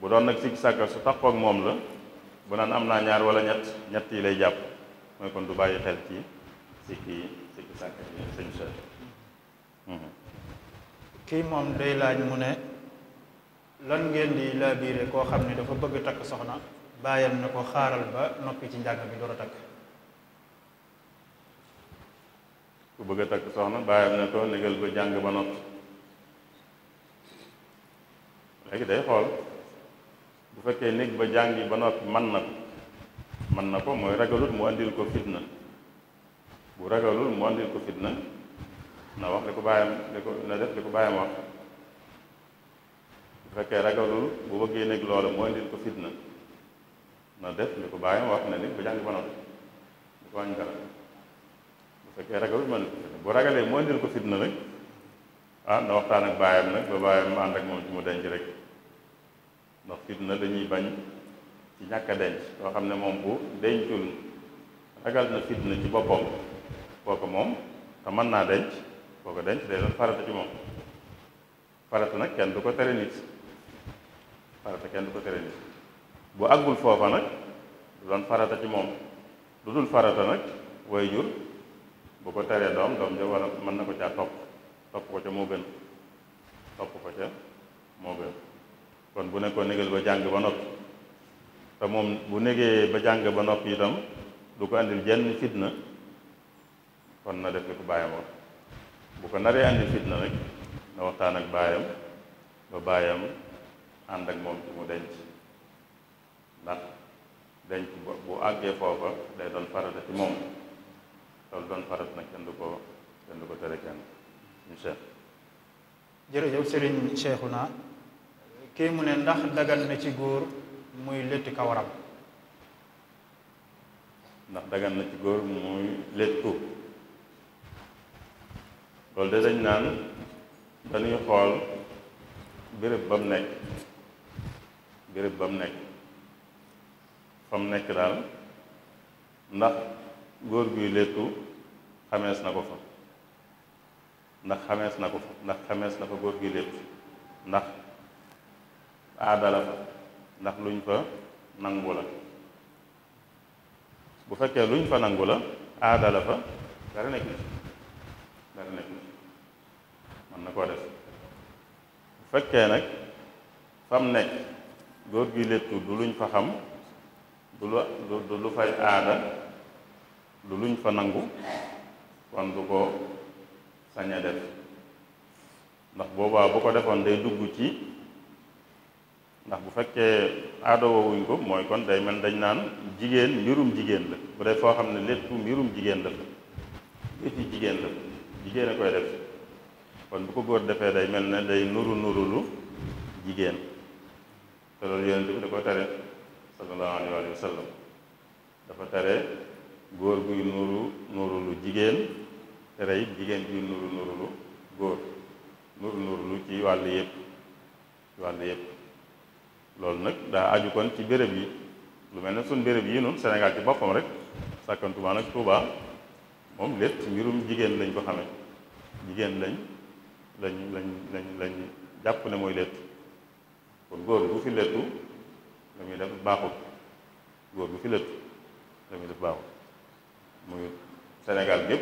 bu doon nag sikki sàkk su taxaw ak moom la bu naan am naa ñaar wala ñett ñett yi lay jàpp mooy kon du bàyyi xel ci sikki sikki sàkk yi sëñ mhm. kii moom day laaj mu ne lan ngeen di laa biire koo xam ne dafa bëgg takk soxna bàyyam na ko xaaral ba noppi ci njàng bi door a takk ku bëgg a takk soxna bàyyam na ko négal ba jàng ba noppi léegi day xool bu fekkee néeg ba jàngi ba nopp man na ko man na ko mooy ragalul mu andil ko fitna bu ragalul mu andil ko fitna na wax li ko bàyyam li ko na def li ko bàyyam wax fekkee ragalul bu bëggee nekk loola moo indil ko fitna na def li ko bàyyi wax na ni bu jàng ba noppi bu ko wàññi dara bu fekkee ragalul ma ne bu ragalee moo indil ko fitna rek ah na waxtaan ak baayam nag ba baayam ànd ak moom ci mu denc rek ndax fitna dañuy bañ ci ñàkk a denc loo xam ne moom bu dencul ragal na fitna ci boppam kooku moom te mën naa denc kooku denc day doon farata ci moom farata nag kenn du ko tere nit farata kenn du ko tere nit bu àggul foofa nag du doon farata ci moom lu dul farata nag way jur bu ko teree doom doom ja war a mën na ko caa topp topp ko ca moo gën topp ko ca moo gën kon bu nekkoon négal ba jàng ba noppi te moom bu négee ba jàng ba noppi itam du ko andil jenn fitna kon na def li ko bàyyam wax bu ko naree andil fitna rek na waxtaan ak baayam ba baayam ànd ak moom ci mu denc ndax denc bu àggee foofa day doon farata ci moom loolu doon farata nag kenn du ko kenn du ko tere kenn incha allah jërëjëf sëriñ Cheikhuna kii mu ne ndax dagan na ci góor muy létti kawaram ndax dagan na ci góor muy léttu loolu de dañ naan dañuy xool béréb bam mu nekk béréb ba mu nekk fa mu nekk daal ndax góor guy léttu xamees na ko fa ndax xamees na ko fa ndax xamees na fa góor guy léttu ndax aadala fa ndax luñ fa nangu la bu fekkee lu luñ fa nangu la aada fa dara nekk na dara nekk na mën na koo def bu fekkee nag fam nekk góor gi léttu du luñ fa xam du lu du lu fay aada du luñ fa nangu kon du ko sañ def ndax boobaa bu ko defoon day dugg ci ndax bu fekkee aada woowuñ ko mooy kon day mel dañ naan jigéen mbirum jigéen la bu dee foo xam ne léttu mbirum jigéen la létti jigéen la jigéen a koy def kon bu ko góor defee day mel na day nuru nuru lu jigéen te loolu yonent bi da ko tere sallallahu alayhi wa sallam dafa tere góor guy nuuru nuuru lu jigéen tere it jigéen guy nuuru nuuru lu góor nuuru nuuru lu ci wàll yépp wàll yépp loolu nag daa aju kon ci béréb yi lu mel ne suñ béréb yi noonu Sénégal ci boppam rek sàkkantuma nag Touba moom lépp mbirum jigéen lañ ko xamee jigéen lañ lañ lañ lañ jàpp ne mooy lépp kon góor bu fi lëttu la muy def baaxut góor bu fi lëttu la muy def baaxut muy senegal gépp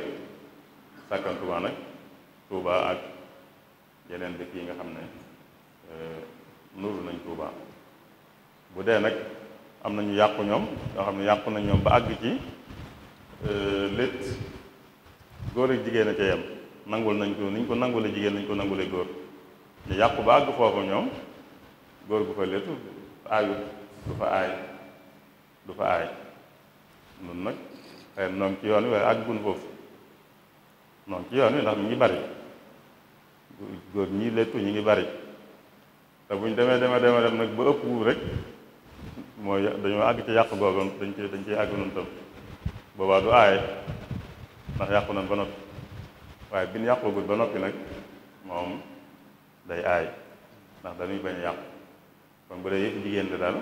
sàkkan Tuuba nag Tuuba ak yeneen dëkk yi nga xam ne euh, nuru nañ Tuuba bu dee nag am na ñu yàqu ñoom yoo xam ne yàqu nañ ñoom ba àgg ci euh, létt góor ak jigéen a ca yam nangul nañ ko niñ ko nangule jigéen lañ ko nangule góor ñu yàqu ba àgg foofu ñoom góor gu fa léttu aayut du fa aay du fa aay nun nag xëy na ci yoon wi waaye àggun foofu noonu ci yoon wi ndax mi ngi bari góor ñii léttu ñu ngi bari te bu ñu demee demee demee dem nag ba ëpp wuur rek mooy dañoo àgg ci yàq googam dañ ci dañ ci àgg noonu tam boobaa du aaye ndax yàqu nañ ba noppi waaye bi ñu yàqoogul ba noppi nag moom day aay ndax dañuy bañ a yàqu kon bu dee yëpp jigéen la daal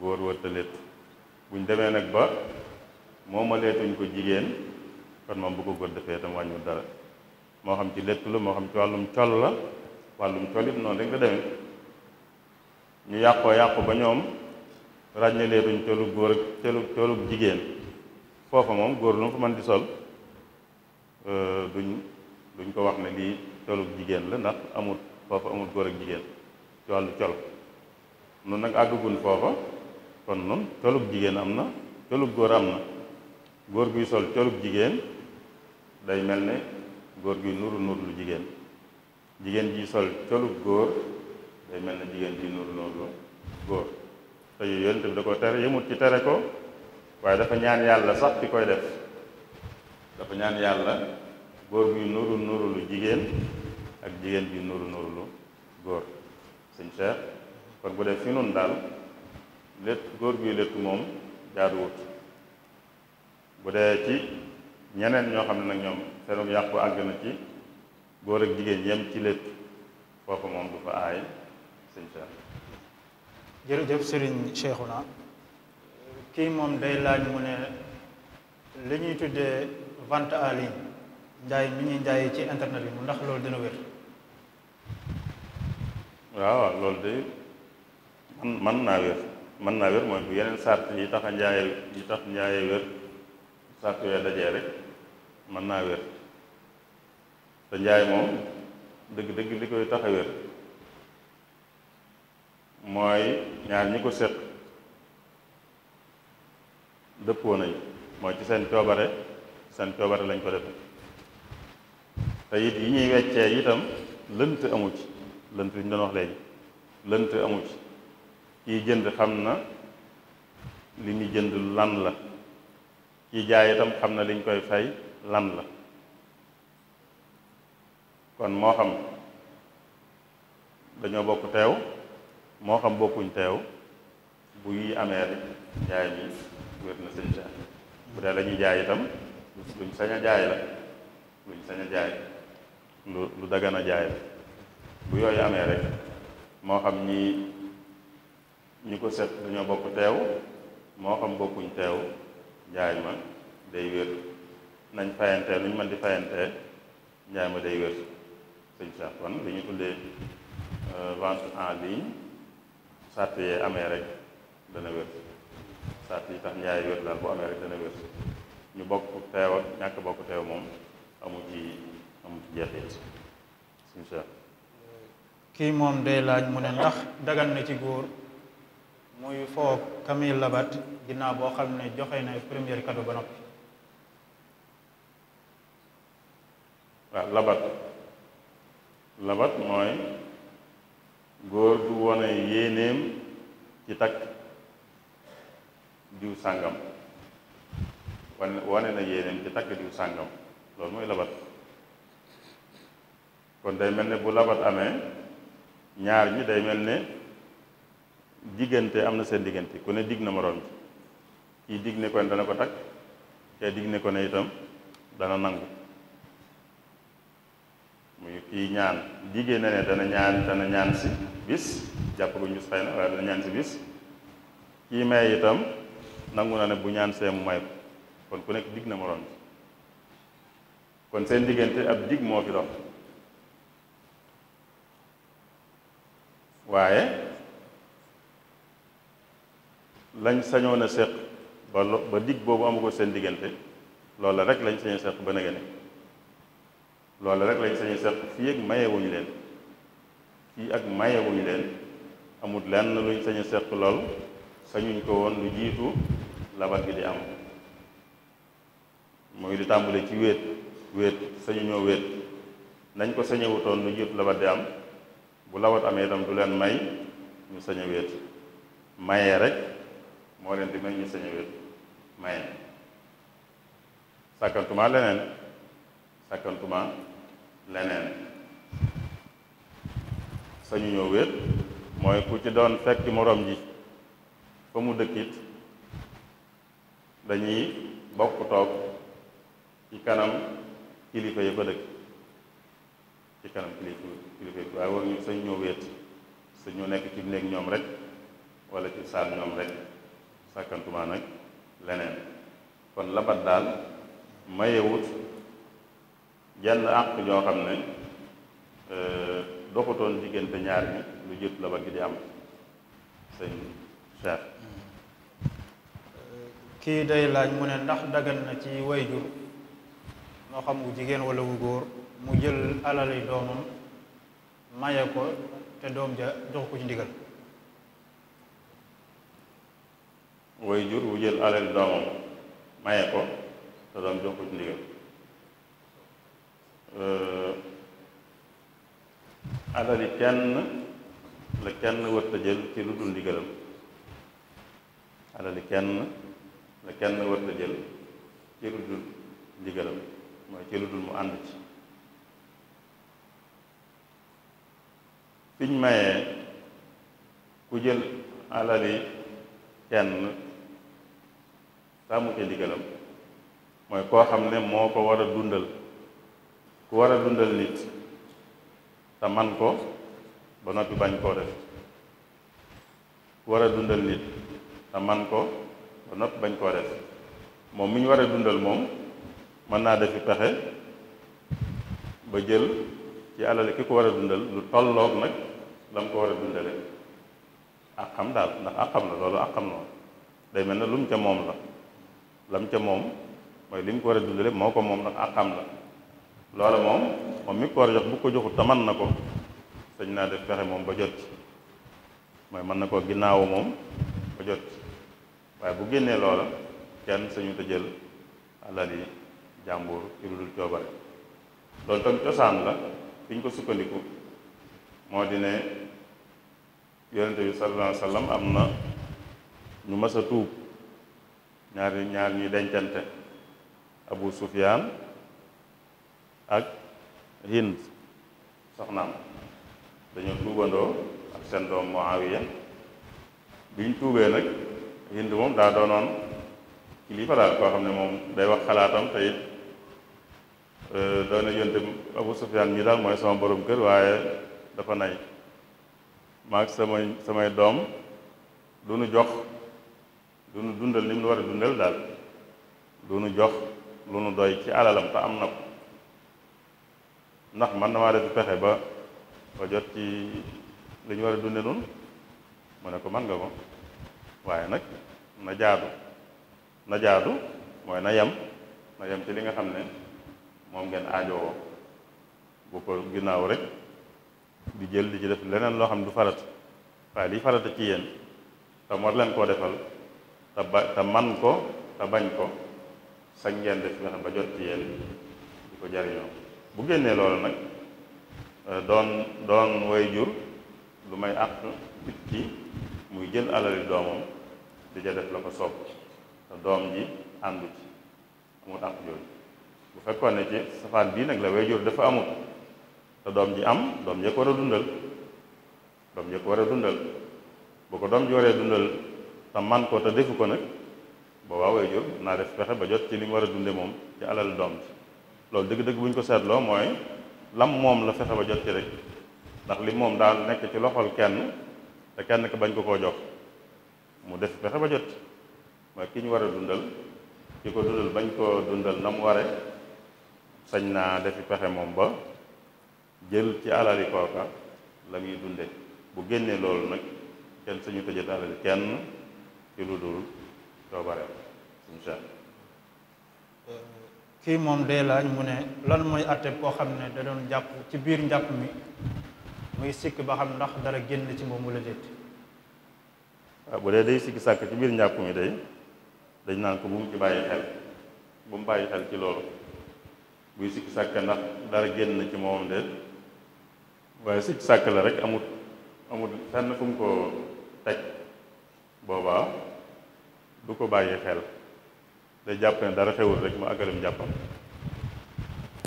góor war ta létt buñ demee nag ba moom ma leetuñ ko jigéen kon moom bu ko góor defee tam wàññiwul dara moo xam ci létt la moo xam ci wàllum col la wàllum col it noonu rek nga demee ñu yàqoo yàqu ba ñoom ràññaleetuñ colu góor ak colu colu jigéen foofa moom góor lu mu fa mën di sol euh, duñ duñ ko wax ne lii colu jigéen la ndax amul foofa amul góor ak jigéen ci wàllu col nun nag àggagun foofa kon nun colug jigéen am na colug góor am na góor guy sol colug jigéen day mel ni góor guy nuru nur lu jigéen jigéen ji sol colug góor day mel ne jigéen ji nuru nur lu góor te yu ko tere yëmut ci tere ko waaye dafa ñaan yàlla sax ki koy def dafa ñaan yàlla góor guy nuru nuru lu jigéen ak jigéen bi nuru nuru lu góor sëñ kon bu dee fi nun daal létt góor gi léttu moom jaaduwut bu dee ci ñeneen ñoo xam ne nag ñoom seenum yàqu àgg na ci góor ak jigéen yem ci létt foofu moom du fa aay sëñ Cheikh jërëjëf sëriñ Cheikhouna kii moom day laaj mu ne li ñuy tuddee vente en ligne njaay mi ñuy njaay ci internet bi mu ndax loolu dina wér waaw loolu de man naa wér mën naa wér mooy bu yeneen sart yi tax a njaaye yi tax njaaye wér sart yooyu dajee rek mën naa wér te njaay moom dëgg-dëgg li koy tax a wér mooy ñaar ñi ko séq dëppoo nañ mooy ci seen coobare seen coobare lañ ko defe te it yi ñuy weccee itam lënt amu ci lënt li ñu doon wax léegi lënt amu ci kii jënd xam na li ñu jënd lan la kii jaay itam xam na liñ koy fay lan la kon moo xam dañoo bokk teew moo xam bokkuñ teew bu yi amee rek jaay mi bu dee lañuy jaay itam luñ sañ a jaay la luñ sañ a jaay lu lu dagan jaay la bu yooyu amee rek moo xam ñi ñu ko set dañoo bokk teew moo xam bokkuñ teew njaay ma day wér nañ fayantee nuñ mën di fayantee njaay ma day wér sëñ Cheikh kon li ñu tuddee euh, yee amee rek dana wér sàtt yi tax njaay wér daal bu amee rek dana wér ñu bokk teew ñàkk bokk teew moom amu ci amu ci jeexit sëñ Cheikh kii moom day laaj mu ne ndax dagan na ci góor muy foo Camille Labat ginnaaw boo xam ne joxe na première cadeau ba noppi waaw labat labat mooy góor du wone yéenéem ci takk diw sàngam wa wane na yéenéem ci takk diw sàngam loolu mooy labat kon day mel ni bu labat amee ñaar ñi day mel ni diggante am na seen diggante ku ne digg na moroom ji kii digg ne ko ne dana ko takk kee digg ne ko ne itam dana nangu muy kii ñaan diggee na ne dana ñaan dana ñaan si bis jàpp gu ñu xëy na waaye dana ñaan si bis kii may itam nangu na ne bu ñaan see mu may ko kon ku nekk digg na moroom ji kon seen diggante ab digg moo fi dox waaye lañ sañoon a séq ba lo ba digg boobu amu ko seen diggante loola rek lañ sañu séq ba nëgëne loola rek lañ sañu séq fii ak mayewuñu leen fii ak mayewuñu leen amut lenn luñ sañu séq lool sañuñ ko woon lu jiitu labat gi di am mooy di tàmbale ci wéet wéet sañuñoo wéet nañ ko sañewutoon lu jiitu labat di am bu lawat amee itam du leen may ñu sañ a wéet mayee rek moo leen di may ñu sañ a wér maye leneen sàkkantuma leneen sañu ñoo wér mooy ku ci doon fekk moroom ji fa mu dëkkit dañuy bokk toog ci kanam kilifa yi fa dëkk ci kanam kilifa kilifa yi waaye war ñu sañ ñoo wéet sañ ñoo nekk ci néeg ñoom rek walla ci saal ñoom rek sàkkantuma nag leneen kon labat daal mayewut jenn àq joo xam ne euh, doxutoon diggante ñaar ñi lu jët labat gi di am sëñ euh, kii day laaj mu ne ndax dagan na ci wayjur moo xam wu jigéen walla wu góor mu jël alali doomam maye ko te doom ja jox ko ci ndigal way jur wu jël alal doomam maye ko te doom jox ko euh, alali kenn la kenn wërta jël ci lu dul ndigalam alali kenn la kenn wërta jël ci lu dul ndigalam mooy ci lu dul mu ànd ci fiñ mayee ku jël alali kenn tàmmu ca ndigalam mooy koo xam ne moo ko war a dundal ku war a dundal nit te man ko ba noppi bañ koo def ku war a dundal nit te man ko ba noppi bañ koo def moom mi ñu war a dundal moom mën naa def defi pexe ba jël ci alal ki ko war a dundal lu tolloog nag la mu ko war a dundale ak xam daal ndax ak xam la loolu ak xam noonu day mel ne lu ca moom la lam ca moom mooy li mu ko war a dundale moo ko moom ndax àqam la loola moom moom mi ko war a jox bu ko joxut te mën na ko sañ naa def fexe moom ba jot mooy mën na ko ginnaawu moom ba jot waaye bu génnee loola kenn sañu te jël alal yi jàmbur ci lu dul coobare loolu tam cosaan la fi ñu ko sukkandiku moo di ne yonente bi sallallahu alayhi am na ñu mës a tuub ñaar ñaar ñuy dencante abu sufyaan ak hind soxnaam dañoo tuubandoo ak seen doom muawiya biñ tuubee nag hind moom daa doonoon kilifa daal koo xam ne moom day wax xalaatam te it euh, doona yonte abu sufyaan mi daal mooy sama boroom kër waaye dafa nay maag samay samay doom du nu jox du nu dundal ni mu nu war a dundal daal du nu jox lu nu doy ci alalam te am na ko ndax na damaa def pexe ba ba jot ci li ñu war a dunde noonu mu ne ko man nga ko waaye nag na jaadu na jaadu mooy na yam na yem ci li nga xam ne moom ngeen aajowoo bu ko ginnaaw rek di jël li ci def leneen loo xam ne du farata waaye liy farata ci yéen te war leen koo defal te ba te man ko te bañ ko sañ ngeen def fexe ba jot ci yéen di ko jariñoo bu génnee loolu nag euh, doon doon way jur lu may àq nit ki muy jël alali doomam di ja def la ko soob te doom ji àndu ci amul àq jooju bu fekkoon ne ci safaan bii nag la way jur dafa amul te doom ji am doom ji ko war a dundal doom ji ko war a dundal boo ko doom ji waree dundal te man ko te defu ko nag boobaa way jur naa def pexe ba jot ci li war a dunde moom ci alal doom ci loolu dëgg-dëgg bu ñu ko seetloo mooy lam moom la fexe ba jot ci rek ndax li moom daal nekk ci loxol kenn kenn ka bañ ko koo jox mu def fexe ba jot mooy ki ñu war a dundal ki ko dundal bañ koo dundal na mu ware sañ naa defi pexe moom ba jël ci alali kooka la muy dunde bu génnee loolu nag kenn sañu tëjët alali kenn ci lu dul coobareem insha allah kii moom de laaj mu ne lan mooy àtte koo xam ne da doon jàpp ci biir njàpp mi muy sikk ba xam ndax dara génn ci moom wala déet waaw ah, bu dee day sikki sàkk ci biir njàpp mi dañ naan ko bu bàyyi xel bu bàyyi xel ci loolu buy sikki sàkk ndax dara génn ci moom déet waaye sikki sàkk la rek amut amut fenn fu mu ko teg boobaa du ko bàyyi xel day jàpp ne dara xewul rek mu àggalem jàppam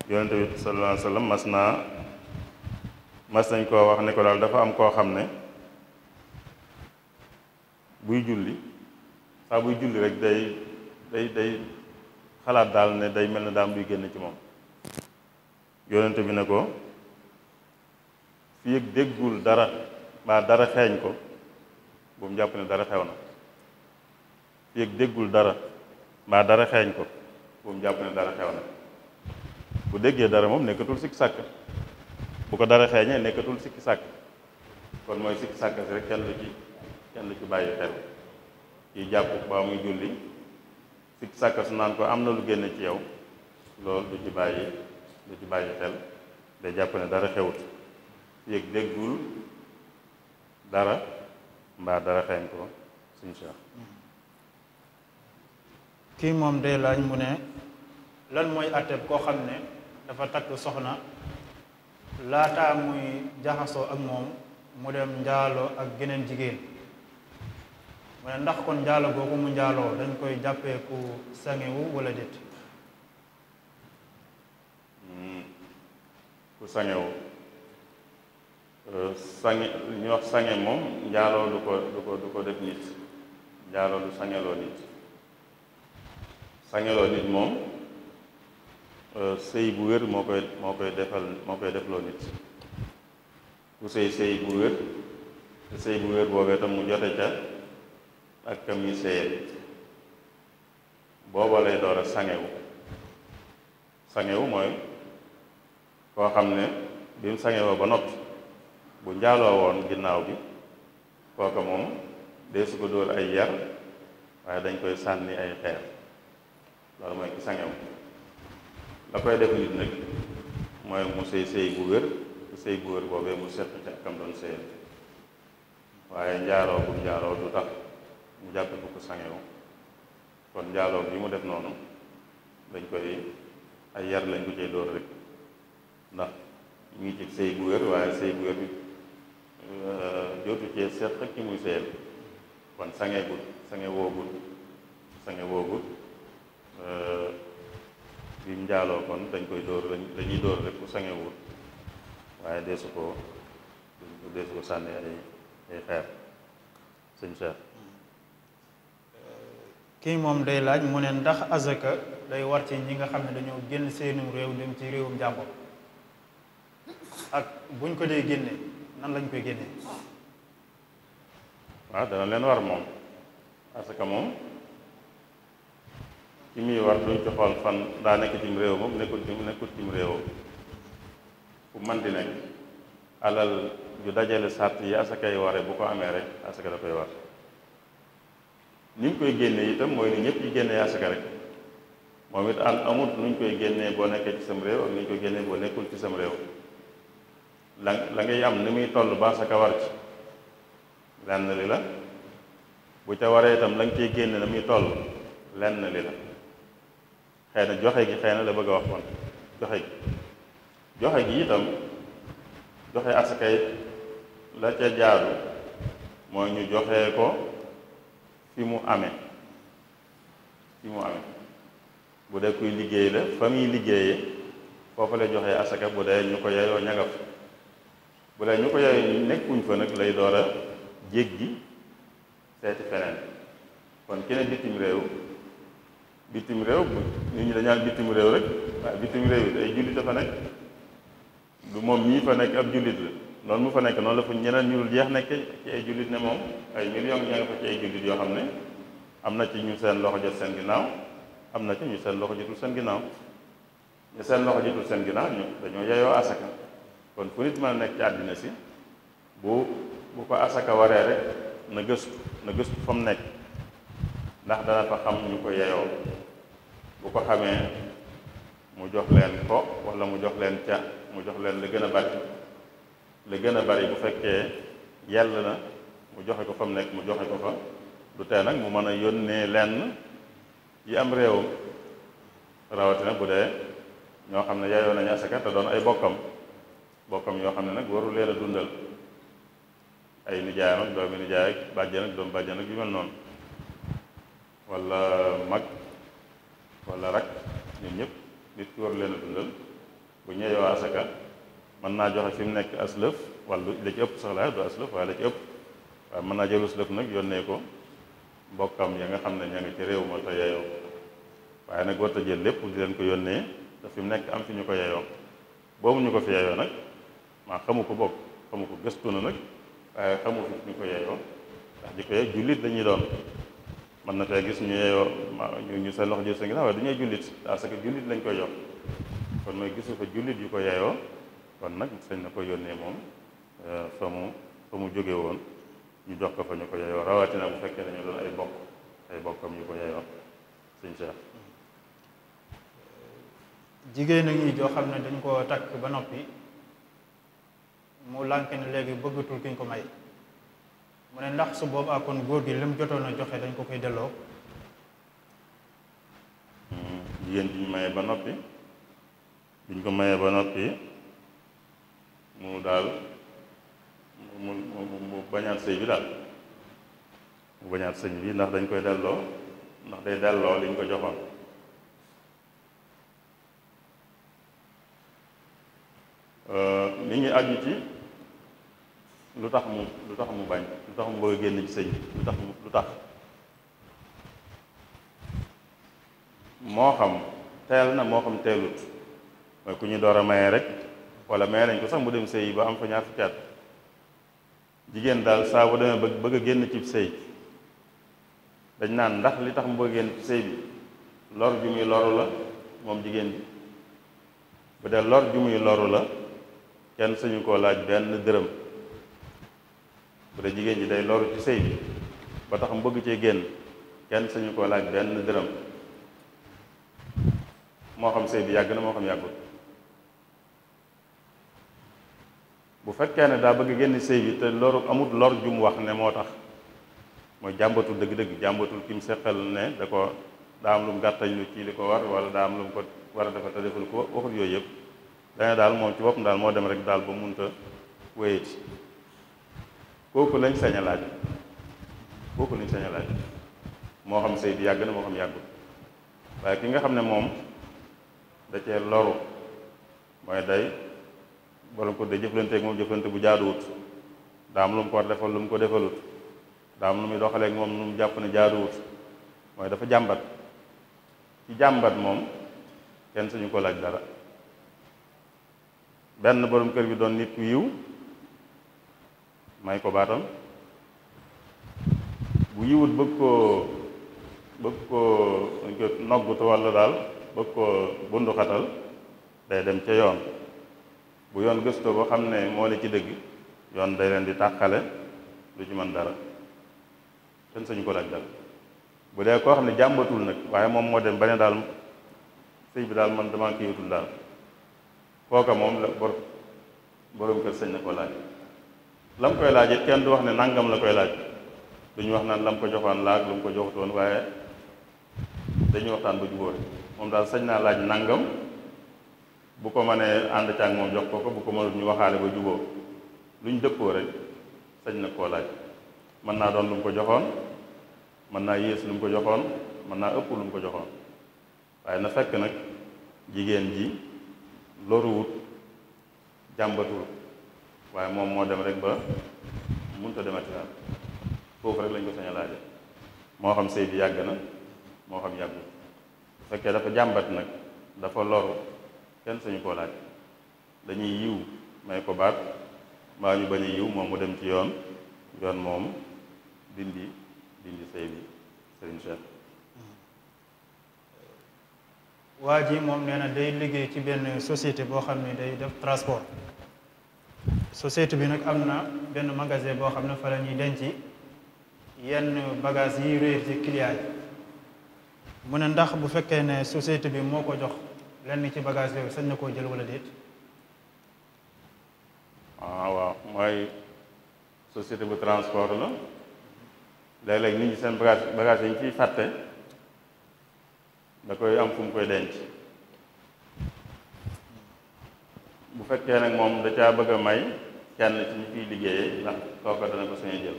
yonente bi sallallahu alayhi wa sallam mas naa mas nañ koo wax ne ko daal dafa am koo xam ne buy julli saa buy julli rek day day day xalaat daal ne day mel na daam buy génn ci moom yonente bi ne ko fii yëg déggul dara mbaa dara xeeñ ko bu mu jàpp ne dara xew na yëg déggul dara mbaa dara xeeñ ko moom jàpp ne dara xew na bu déggee dara moom nekkatul sikki sàkk bu ko dara xeeñee nekkatul sikki sàkk kon mooy sikki sàkk si rek kenn lu ci kenn ci bàyyi xel kii jàpp ba muy julli sikki sàkk su naan ko am na lu génne ci yow loolu du ci bàyyi du ci bàyyi xel day jàpp ne dara xewut yëg déggul dara mbaa dara xeeñ ko suñu Cheikh kii moom de laaj mu ne lan mooy àtteeb koo xam ne dafa takk soxna laataa muy jaxasoo ak moom mu dem njaaloo ak geneen jigéen mu ne ndax kon njaalo googu mu njaaloo dañ koy jàppee ku sangewu wala déet hmm. ku sangewu euh, sange ñu wax sange moom njaaloo du ko du ko du ko def nit njaaloo du sangeloo nit sangeloo nit moom euh, sëy bu wér moo koy moo koy defal moo koy defloo nit ku sëy sëy bu wér te sëy bu wér boobee tam mu jote ca ak kam ñu sëyal booba lay door a sangewu sangewu mooy koo xam ne bi sangewoo ba noppi bu njaaloo woon ginnaaw bi kooka moom dee su ko dóor ay yar waaye dañ koy sànni ay xeer loolu mooy ki sangeem la koy def nit nag mooy mu sëy sëy bu wér sëy bu wér boobee mu seq ci akam doon sëyal waaye njaaroo bu njaaroo du tax mu jàppe bu ko sangewu kon njaaloo bi mu def noonu dañ koy ay yar lañ ko cee dóor rek ndax ñu ngi ci sëy bu wér waaye sëy bu wér bi euh, jootu cee seq ci muy sëyal kon sange gut sange woo Euh, bi njaaloo kon dañ koy dóor dañuy dóor rek ku sangewul waaye deesu ko deesu ko sànni ay ay xeer sëñ Cheikh kii moom day laaj mu ne ndax azaka day war ci ñi nga xam ne dañoo génn seenu réew dem ci réewum jàmbur ak buñ ko dee génne nan lañ koy génne waaw dana leen war moom azaka moom ki muy war duñ ci xool fan daa nekk cim réew moom nekkul cim nekkul cim réew bu man di nekk alal ju dajale sart yi asakay ware bu ko amee rek asaka da koy war ni ñu koy génnee itam mooy ni ñëpp yi génnee asaka rek moom it an amut nu ñu koy génnee boo nekkee ci sam réew ak nu ñu koy génnee boo nekkul ci sam réew lan la ngay am ni muy toll ba asaka war ci lenn li la bu ca waree itam lañ nga ciy génne muy toll lenn li la xëy na joxe gi xëy na la bëgg a wax kon joxe gi joxe gi itam joxe asaka it la ca jaadu mooy ñu joxe ko fi mu amee fi mu amee bu dee kuy liggéey la fa muy liggéeyee foofu la joxe asaka bu dee ñu ko yeyoo ñagaf bu dee ñu ko yeyoo nekkuñ fa nag lay door a jéggi seeti feneen kon ki bitim réew bitim réew nit ñi dañaan bitim réew rek waaye bitim yi ay jullit dafa nekk du moom mii fa nekk ab jullit la noonu mu fa nekk noonu la ñeneen ñu dul jeex ay jullit moom ay million ña ay jullit yoo xam ne am na ci ñu seen loxo jot seen ginnaaw am na ci ñu seen loxo jotul seen ginnaaw ñu seen seen ginnaaw dañoo yeyoo asaka kon fu nit mën a nekk ci àddina si bu bu ko asaka waree rek na gëstu na gëstu fa mu nekk ndax dana fa xam ñu ko yeyoo bu ko xamee mu jox leen ko wala mu jox leen ca mu jox leen la gën a bari la gën a bari bu fekkee yell na mu joxe ko fa mu nekk mu joxe ko fa du tee nag mu mën a yónnee lenn yi am réew rawatina bu dee ñoo xam ne yaayoo nañu asaka te doon ay bokkam bokkam yoo xam ne nag warul leen a dundal ay nijaayam ak doomi nijaay ak bàjjen ak doom bàjjen ak yu mel noonu wala mag wala rak ñoom ñëpp nit ki war leen a dundal bu ñëwee asaka mën naa joxe fi mu nekk aslëf wala la ci ëpp sax la du aslëf waaye la ci ëpp waaye mën naa jël aslëf nag yónnee ko mbokkam ya nga xam ne ña nga ci réew ma te yeyoo waaye nag warta jël lépp di leen ko yónnee fi mu nekk am fi ñu ko boobu ñu ko fi yeyoo xamu ko bokk xamu ko gëstu na nag waaye xamu fi ñu ko yeyoo ndax di ko yey jullit la doon mën na tey gis ñu yeeyoo ñu ñu seen loxo jël seen ginnaaw waaye du ñuy jullit parce que jullit lañ koy jox kon mooy gisu fa jullit yu ko yeeyoo kon nag sañ na ko yónnee moom euh, fa mu fa mu jóge woon ñu jox ko fa ñu ko yeeyoo rawatina bu fekkee dañu doon ay bokk ay bokkam ñu ko yeeyoo sëñ Cheikh jigéen a ngi joo xam ne dañ ko takk ba noppi mu lànk ne léegi bëggatul ki ñu ko may mu ne ndax su boobaa kon góor gi lim jotoon a joxe dañ ko koy delloo. jigéen hmm, bi ñu mayee ba noppi bi ñu ko mayee ba noppi mu daal mu mu mu bañaat sëy bi daal mu bañaat sëy bi ndax dañ koy delloo ndax day delloo li ko joxoon li euh, ngi aju ci lu tax mu lu tax mu bañ tax mu bëgg a génn ci sëñ bi lu tax lu tax moo xam teel na moo xam teelut mooy ku ñu door a maye rek wala maye nañ ko sax mu dem sëy ba am fa ñaar fukki at jigéen daal saa bu demee bëgg a génn cib sëy dañ naan ndax li tax mu génn cib bi lor ju muy loru la moom jigéen bi bu dee lor ju muy loru la kenn suñu koo laaj benn dërëm bu dee jigéen ji day loru ci sëy bi ba tax mu bëgg cee génn kenn sañu koo laaj benn dërëm moo xam sëy bi yàgg na moo xam yàggut bu fekkee ne daa bëgg génn sëy bi te loru amut lor jum wax ne moo tax mooy jàmbatul dëgg-dëgg jàmbatul kim seqal ne da ko daa am lu mu gàttañ lu ci li ko war wala daa am lu mu ko war a defal te deful ko waxut yooyu yëpp dana daal moom ci boppam daal moo dem rek daal ba munta wéyati kooku lañ sañ a laaj lañ sañ moo xam sëy bi yàgg na moo xam yàggul waaye ki nga xam ne moom da cee loru mooy day borom ko day jëflanteeg moom jëflante bu jaaduwut daa lu mu ko war defal lu mu ko defalut daa lu muy doxaleeg moom lu mu jàpp ne jaaduwut mooy dafa jàmbat ci jàmbat moom kenn suñu ko laaj dara benn borom kër bi doon nit ku yiw may ko baatam bu yiwut bëgg koo bëgg koo noggutu walla daal bëgg koo bunduxatal day dem ca yoon bu yoon gëstoo ba xam ne moo la ci dëgg yoon day leen di tàqale lu ci mën dara kenn sañu ko laaj dal bu dee koo xam ne jàmbatul nag waaye moom moo dem ba ne daal sëy bi daal man dama kiiwatul daal kooka moom la bor borom kër sañ na ko laaj la koy laaj it kenn du wax ne nangam la koy laaj duñu wax naan la ko joxoon laaj lu mu ko joxutoon waaye dañuy waxtaan ba jubóore moom daal sañ naa laaj nangam bu ko mënee ànd ca moom jox ko ko bu ko mënut ñu waxaale ba jubóo luñ dëppoo rek sañ na koo laaj mën naa doon lu mu ko joxoon mën naa yées lu mu ko joxoon mën naa ëpp lu mu ko joxoon waaye na fekk nag jigéen ji loruwut jàmbatul waaye moom moo dem rek ba mun demati daal foofu rek lañ ko sañ moo xam sëy bi yàgg na moo xam yàggul bu fekkee dafa jàmbat nag dafa loru kenn sañu koo laaj dañuy yiw may ko baat mbaa ñu bañ a yiw moom mu dem ci yoon yoon moom dindi dindi sëy bi sëriñ Cheikh waa jii moom nee na day liggéey ci benn société boo xam ne day def transport société bi nag am na benn magasin boo xam ne fa la ñuy denc yenn bagage yi réer ci client mu ne ndax bu fekkee ne société bi moo ko jox lenn ci bagage yooyu sañ na koo jël walla déet waaw ah, waaw mooy société bu transport la léeg-léeg nit ñi seen bagage bagage yi ñu ciy fàtte da koy am fu koy denc fekkee nag moom da caa bëgg a may kenn ci ñu fiy liggéeyee ndax kooka dana ko sañ jël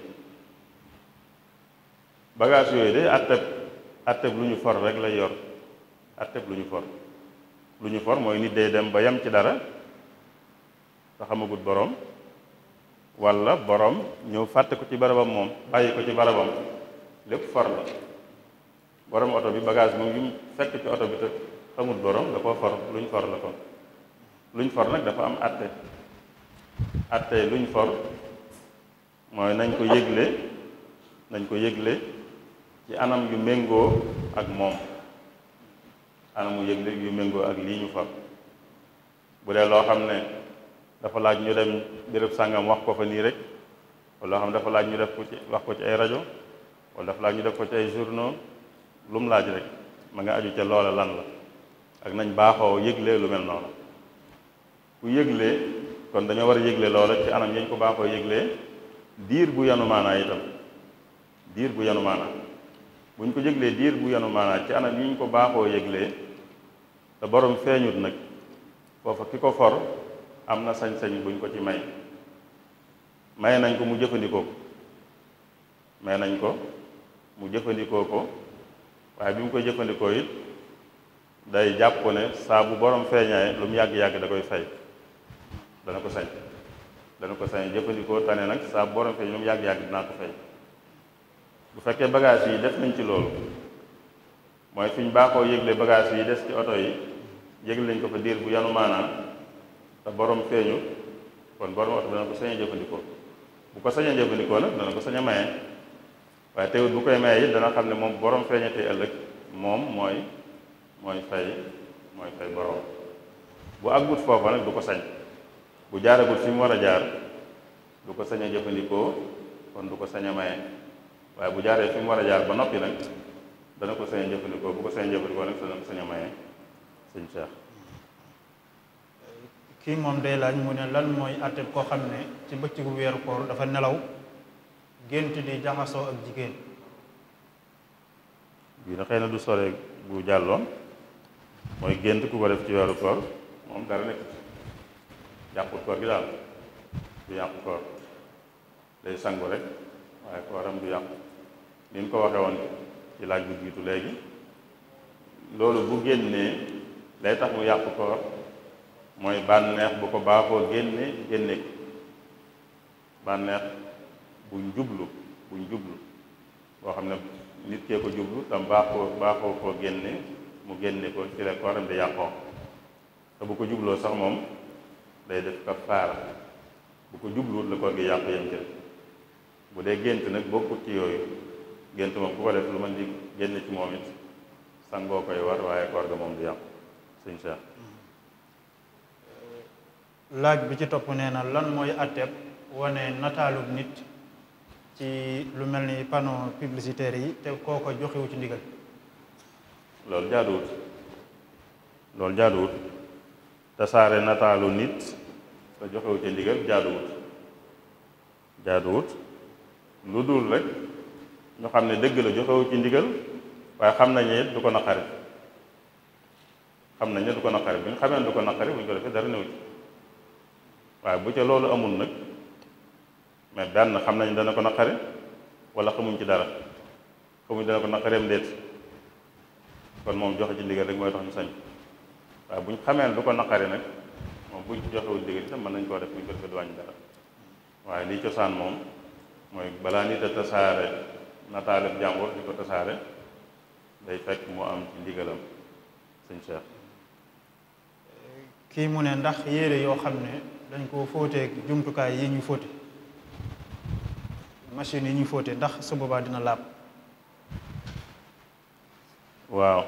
bagage yooyu de atteb atteb lu ñu for rek lay yor atteb lu ñu for lu ñu for mooy nit day dem ba yem ci dara te xamagut boroom walla boroom ñëw fàtte ko ci barabam moom bàyyi ko ci barabam lépp for la borom oto bi bagage moom yu fekk ci oto bi te xamut borom da for lu ñu for la ko luñ for nag dafa am atte atte luñ for mooy nañ ko yëgle nañ ko yëgle ci anam yu méngoo ak moom anamu yëgle yu méngoo ak lii ñu for bu dee loo xam ne dafa laaj ñu dem béréb sàngam wax ko fa nii rek loo xam ne dafa laaj ñu def ko ci wax ko ci ay rajo wala dafa laaj ñu def ko ci ay journaux lu mu laaj rek ma nga aju ca loole lan la ak nañ baaxoo yëgle lu mel noonu ku yëglee kon dañoo war a yëgle loola ci anam yañ ko baaxoo yëglee diir bu yanu maanaa itam diir bu yanu maanaa buñ ko yëglee diir bu yanu maanaa ci anam yiñ ko baaxoo yëglee te borom feeñut nag foofa ki ko for am na sañ-sañ buñ ko ci may may nañ ko mu jëfandikoo ko may nañ ko mu jëfandikoo ko waaye bi mu koy jëfandikoo it day jàpp ne saa bu borom feeñaay lu mu yàgg-yàgg da koy fay dana ko sañ dana ko sañ jëfandikoo tane nag saa borom fay mu yàgg-yàgg dinaa ko fay bu fekkee bagage yi def nañ ci loolu mooy fi ñu baaxoo yëgle bagage yi des ci oto yi yëgle nañ ko fa liir bu yanu maanaam te borom feeñu kon borom oto dana ko sañ jëfandikoo bu ko sañ a jëfandikoo nag dana ko sañ a maye waaye teewut bu koy maye it dana xam ne moom borom feeñatee ëllëg moom mooy mooy fay mooy fay borom bu àggut foofa nag du ko sañ bu jaaragul fi war a jaar du ko sañ a jëfandikoo kon du ko sañ maye waaye bu jaaree fi mu war a jaar ba noppi nag dana ko sañ a jëfandikoo bu ko sañ a jëfandikoo nag dana ko maye sëñ Cheikh kii moom day laaj mu ne lan mooy àtte koo xam ne ci bëccëgu weeru koor dafa nelaw gént di jaxasoo ak jigéen bii na xëy na du sore bu jàlloon mooy gént ku ko def ci weeru koor moom dara nekk yàqu koor gi daal du yàqu koor day sangu rek waaye kooram du yàqu ni ñu ko waxee woon ci laaj bu jiitu léegi loolu bu génnee lay tax mu yàqu koor mooy bànneex bu ko baaxoo génne génne bànneex bu njublu bu njublu boo xam ne nit kee ko jublu tam baaxoo baaxoo koo génne mu génne ko ci la kooram di yàqoo te bu ko jubloo sax moom day def kafaara bu ko jubluwut la koor gi yàqu yem ca bu dee gént nag bokkut ci yooyu gént moom ku ko def lu mën di génn ci moom it sangoo koy war waaye koor ga moom du yàqu sëñ Cheikh laaj bi ci topp nee na lan mooy àtteeb wane nataalu nit ci lu mel ni panneau publicitaire yi te kooko joxewu ci ndigal loolu jaaduwut loolu jaaduwut tasaare nataalu nit te joxewu ca ndigal jaaduwut jaaduwut lu dul rek ñu xam ne dëgg la joxewu ci ndigal waaye xam nañ ne du ko naqari xam nañ ne du ko naqari bu ñu xamee ne du ko naqari bu ñu ko bu ca loolu amul nag mais daan na nañ dana ko naqari wala xamuñ ci dara xamuñ dana ko naqareem déet kon moom joxe ci ndigal rek mooy tax ñu sañ waaye bu ñu xamee ne du ko naqari nag buñ ci joxewul ndigal itam mën nañ koo def buñ ko defee dara waaye liy cosaan moom mooy balaa nit a tasaare nataaleb jàmbur di ko tasaare day fekk mu am ci ndigalam sëñ Cheikh kii mu ne ndax yére yoo xam ne dañ koo fóotee jumtukaay yi ñu fóote machine yi ñu fóote ndax su boobaa dina laab waaw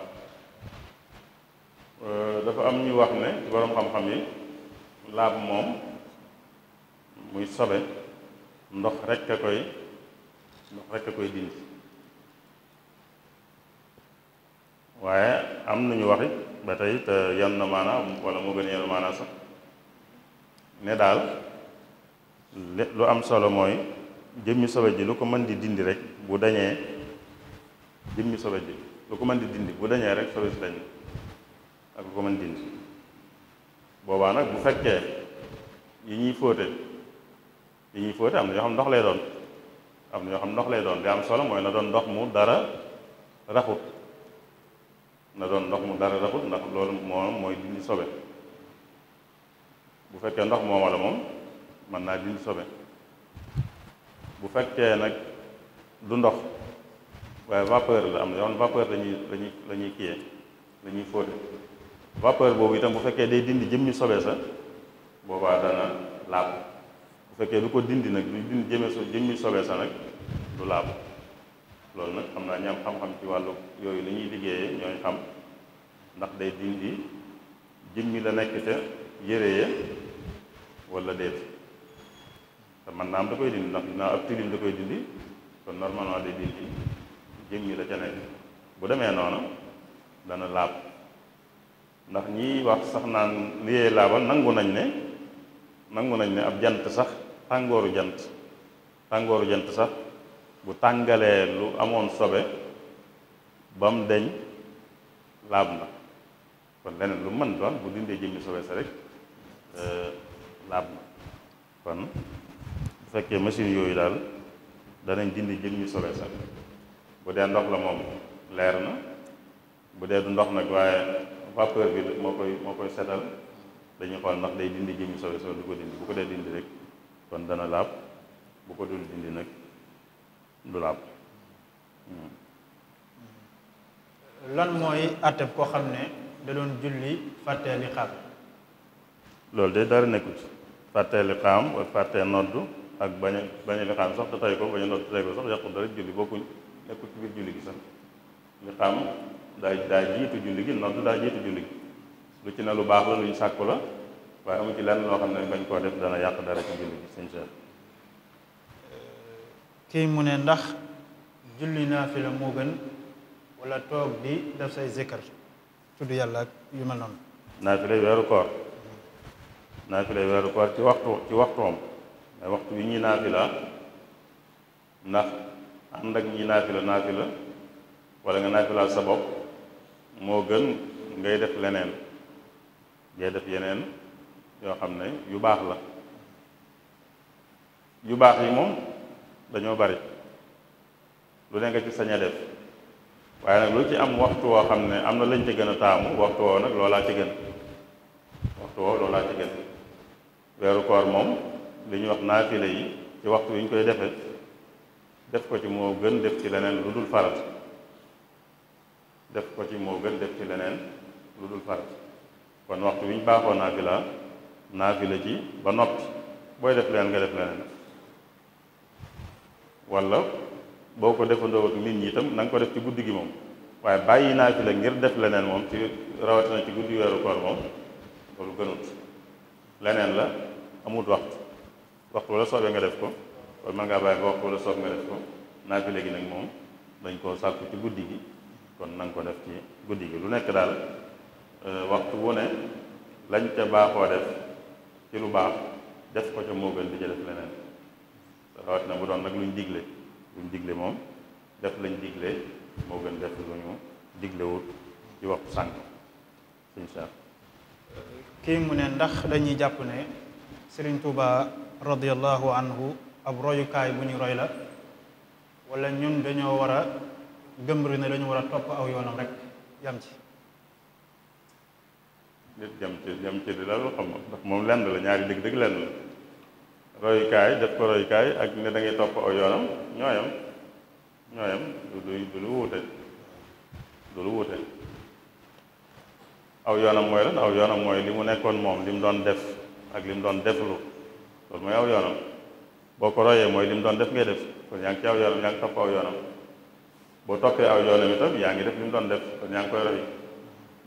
dafa am ñu wax ne borom xam-xam yi laab moom muy sobe ndox rekk a koy ndox rekk a koy dindi waaye am nañu waxi ba tey te yan na maanaam wala moo gën a yan maanaam sax ne daal lu am solo mooy jëmmi sobe ji lu ko mën di dindi rek bu dañee jëmmi sobe ji lu ko mën di dindi bu dañee rek sobe si dañ ak lu ko mën dindi boobaa nag bu fekkee yi ñuy fóote yi ñuy fóote am na yoo xam ndox lay doon am na yoo xam ndox lay doon li am solo mooy na doon ndox mu dara raxut na doon ndox mu dara raxut ndax loolu moom mooy dindi sobe bu fekkee ndox moom wala moom mën naa dindi sobe bu fekkee nag du ndox waaye vapeur la am na yoo xam vapeur lañuy lañuy la ñuy kiyee fóote vapeur boobu itam bu fekkee day dindi jëm ñu sobe sa boobaa dana laab bu fekkee du ko dindi nag du dindi jëme su jëm ñu sa nag du laab loolu nag xam naa ñam am xam-xam ci wàllu yooyu li ñuy liggéeyee ñooñ xam ndax day dindi jëmmi la nekk ca yére ya wala déet te man am da koy dindi ndax naa ab tilim da koy dindi kon normalement day dindi jëmmi la ca nekk bu demee noonu dana laab ndax ñiy wax sax naan liyee laaba nangu nañ ne nangu nañ ne ab jant sax tàngooru jant tàngooru jant sax bu tàngalee lu amoon sobe bam deñ laab na kon leneen lu mën doon bu dindee jëmmi sobe sa rek euh, laab na kon bu fekkee machine yooyu daal danañ dindi jëmmi sobe sa bu dee ndox la moom leer na bu dee du ndox nag waaye vapeur bi moo koy moo koy setal dañuy xool ndax day dindi jëmmi sobe soo du ko dindi bu ko dee dindi rek kon dana laab bu ko dul dindi nag du laab hmm. lan mooy àttab koo xam ne da doon julli fàttee li xaam loolu de dara nekkut fàttee li xaam ak fàttee noddu ak bañ a bañ a li sax te ko bañ a noddu ko sax yàqu dara julli bokkuñ nekkut ci biir julli gi sax li xaam daa daa jiitu julli gi noddu daa jiitu julli gi lu ci na lu baax la lu ñu sàkku la waaye amu ci lenn loo xam ne bañ koo def dana yàq dara ci julli gi sëñ kii mu ne ndax julli naafila moo gën wala toog di def say zikkar tudd yàlla ak yu mel noonu naafilay weeru koor naafilay weeru koor ci waxtu ci waxtoom mais waxtu yi ñuy naafila ndax ànd ak ñi naafila naafila walla nga naafila sa bopp moo gën ngay def leneen ngay def yeneen yoo xam ne yu baax la yu baax yi moom dañoo bari lu ne nga ci sañ a def waaye nag lu ci am waxtu woo xam ne am na lañ ci gën a taamu waxtu woo nag loolaa ci gën waxtu woo weeru koor moom li ñuy wax naafile yi ci waxtu wi ñu koy defe def ko ci moo gën def ci leneen lu dul farat def ko ci moo gën def ci leneen lu dul farat kon waxtu wi ñu baaxoo naafila naafila ci ba noppi booy def leneen nga def leneen wala boo ko defandoo ak nit ñi itam na ko def ci guddi gi moom waaye bàyyi naafila ngir def leneen moom ci rawatina ci guddi weeru koor moom loolu gënut leneen la amut waxtu waxtu la soobee nga def ko wala mën ngaa bàyyi ba waxtu wala soob nga def ko naafila gi nag moom dañ koo sàkku ci guddi gi kon na ko def ci guddi gi lu nekk daal euh, waxtu wu ne lañ ca baaxoo def ci lu baax def ko ca moo gën di ca def leneen rawatina bu doon nag luñ digle luñ digle moom def lañ digle moo gën def lu diglewut ci waxtu sànq suñ seet kii mu ne ndax dañuy jàpp ne Sëriñ Tuuba radiyallahu anhu ab royukaay bu ñu roy la wala ñun dañoo war gëm ru ne dañu war a topp aw yoonam rek yam ci nit yam ci yam ci di la lu xam ndax moom lenn la ñaari dëgg-dëgg lenn royukaay def ko royukaay ak ne da ngay topp aw yoonam ñooyam ñooyam du du lu wuute du lu wuute aw yoonam mooy lan aw yoonam mooy li mu nekkoon moom li mu doon def ak li mu doon deflu loolu mooy aw yoonam boo ko royee mooy li doon def ngay def kon yaa ngi ci aw yoonam yaa ngi topp aw yoonam boo toppee aw yoonam itam yaa ngi def li mu doon def kon yaa ngi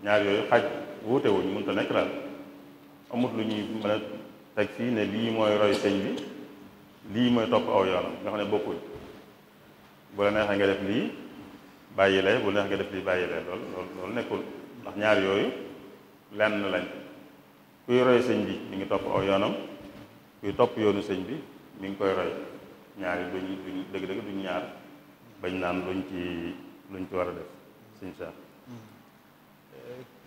ñaar yooyu xaj wuute wuñ mënut a nekk daal amut lu ñuy mën a teg fii ne lii mooy roy sëñ bi lii mooy topp aw yoonam nga xam ne bokkuñ bu la neexee nga def lii bàyyi lee bu la neexee nga def lii bàyyi lay loolu nekkul ndax ñaar yooyu lenn lañ kuy roy sëñ bi mi ngi topp aw yoonam kuy topp yoonu sëñ bi mu ngi koy roy ñaar yi duñ duñ dëgg-dëgg duñ ñaar bañ naan luñ ci luñ ci war a def siñ sax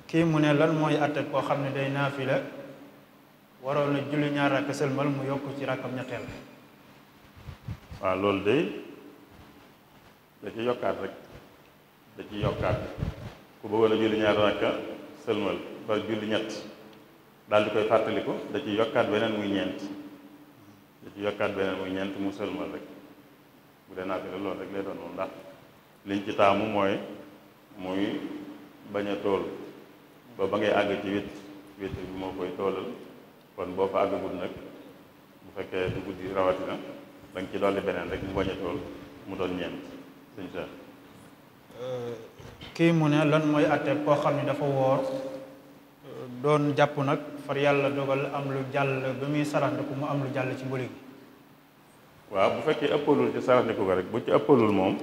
kii mu ne lan mooy àtte koo xam ne day naafila waroon na julli ñaar rakk sëlmal mu yokk ci rakkam ñetteel waaw loolu de da yokkaat rek da ci yokkaat ku bëggoon a julli ñaar rakka sëlmal daal di koy fàttaliku da ci yokkaat beneen muy ñeent da yokkaat beneen muy ñeent mu sëlmal rek bu dee naafila loolu rek lay doon moom ndax liñ ci taamu mooy muy bañ a tool ba ba ngay àgg ci wit wit bi moo koy toolal kon boo fa àggagul nag bu fekkee du guddi rawatina da nga ci dolli beneen rek mu bañ tool mu doon ñeent sëñ Cheikh euh, kii mu ne lan mooy àtte koo xam ne dafa woor euh, doon jàpp nag far yàlla dogal am lu jàll ba muy sarax ku mu am lu jàll ci mbuli gi waaw bu fekkee ëppalul ci saraxniku ko rek bu ci ëppalul moom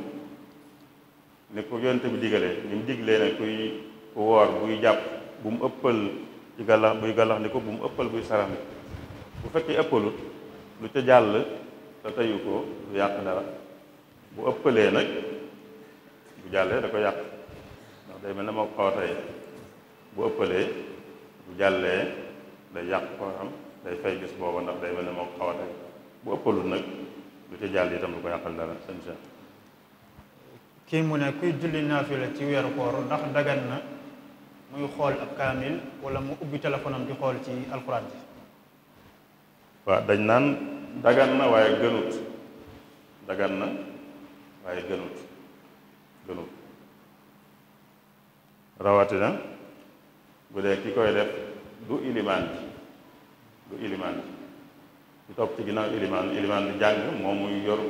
ni ko yonent bi digalee ni mu diglee ne kuy woor buy jàpp bu mu ëppal ci gàllax buy gàllax ni ko bu mu ëppal buy saraxniku bu fekkee ëppalut lu ca jàll te teyu ko du yàq la bu ëppalee nag bu jàllee da ko yàq ndax day mel ne moo xaw a bu ëppalee day yàq koo day fay gis booba ndax day mel ne moo a nag lu ci jàll tam du ko yàqal dara sëñ Cheikh kii mu ne kuy julli naafila ci weeru koor ndax dagan na muy xool ab kaamil wala mu ubbi téléphone am di xool ci alxuraan ji waaw dañ naan dagan na waaye gënut dagan na waaye gënut gënut rawatina bu dee ki koy def du ilimaan ji du ilimaan ji ñu topp ci ginnaaw ilimaan ilimaan di jàng moom muy yor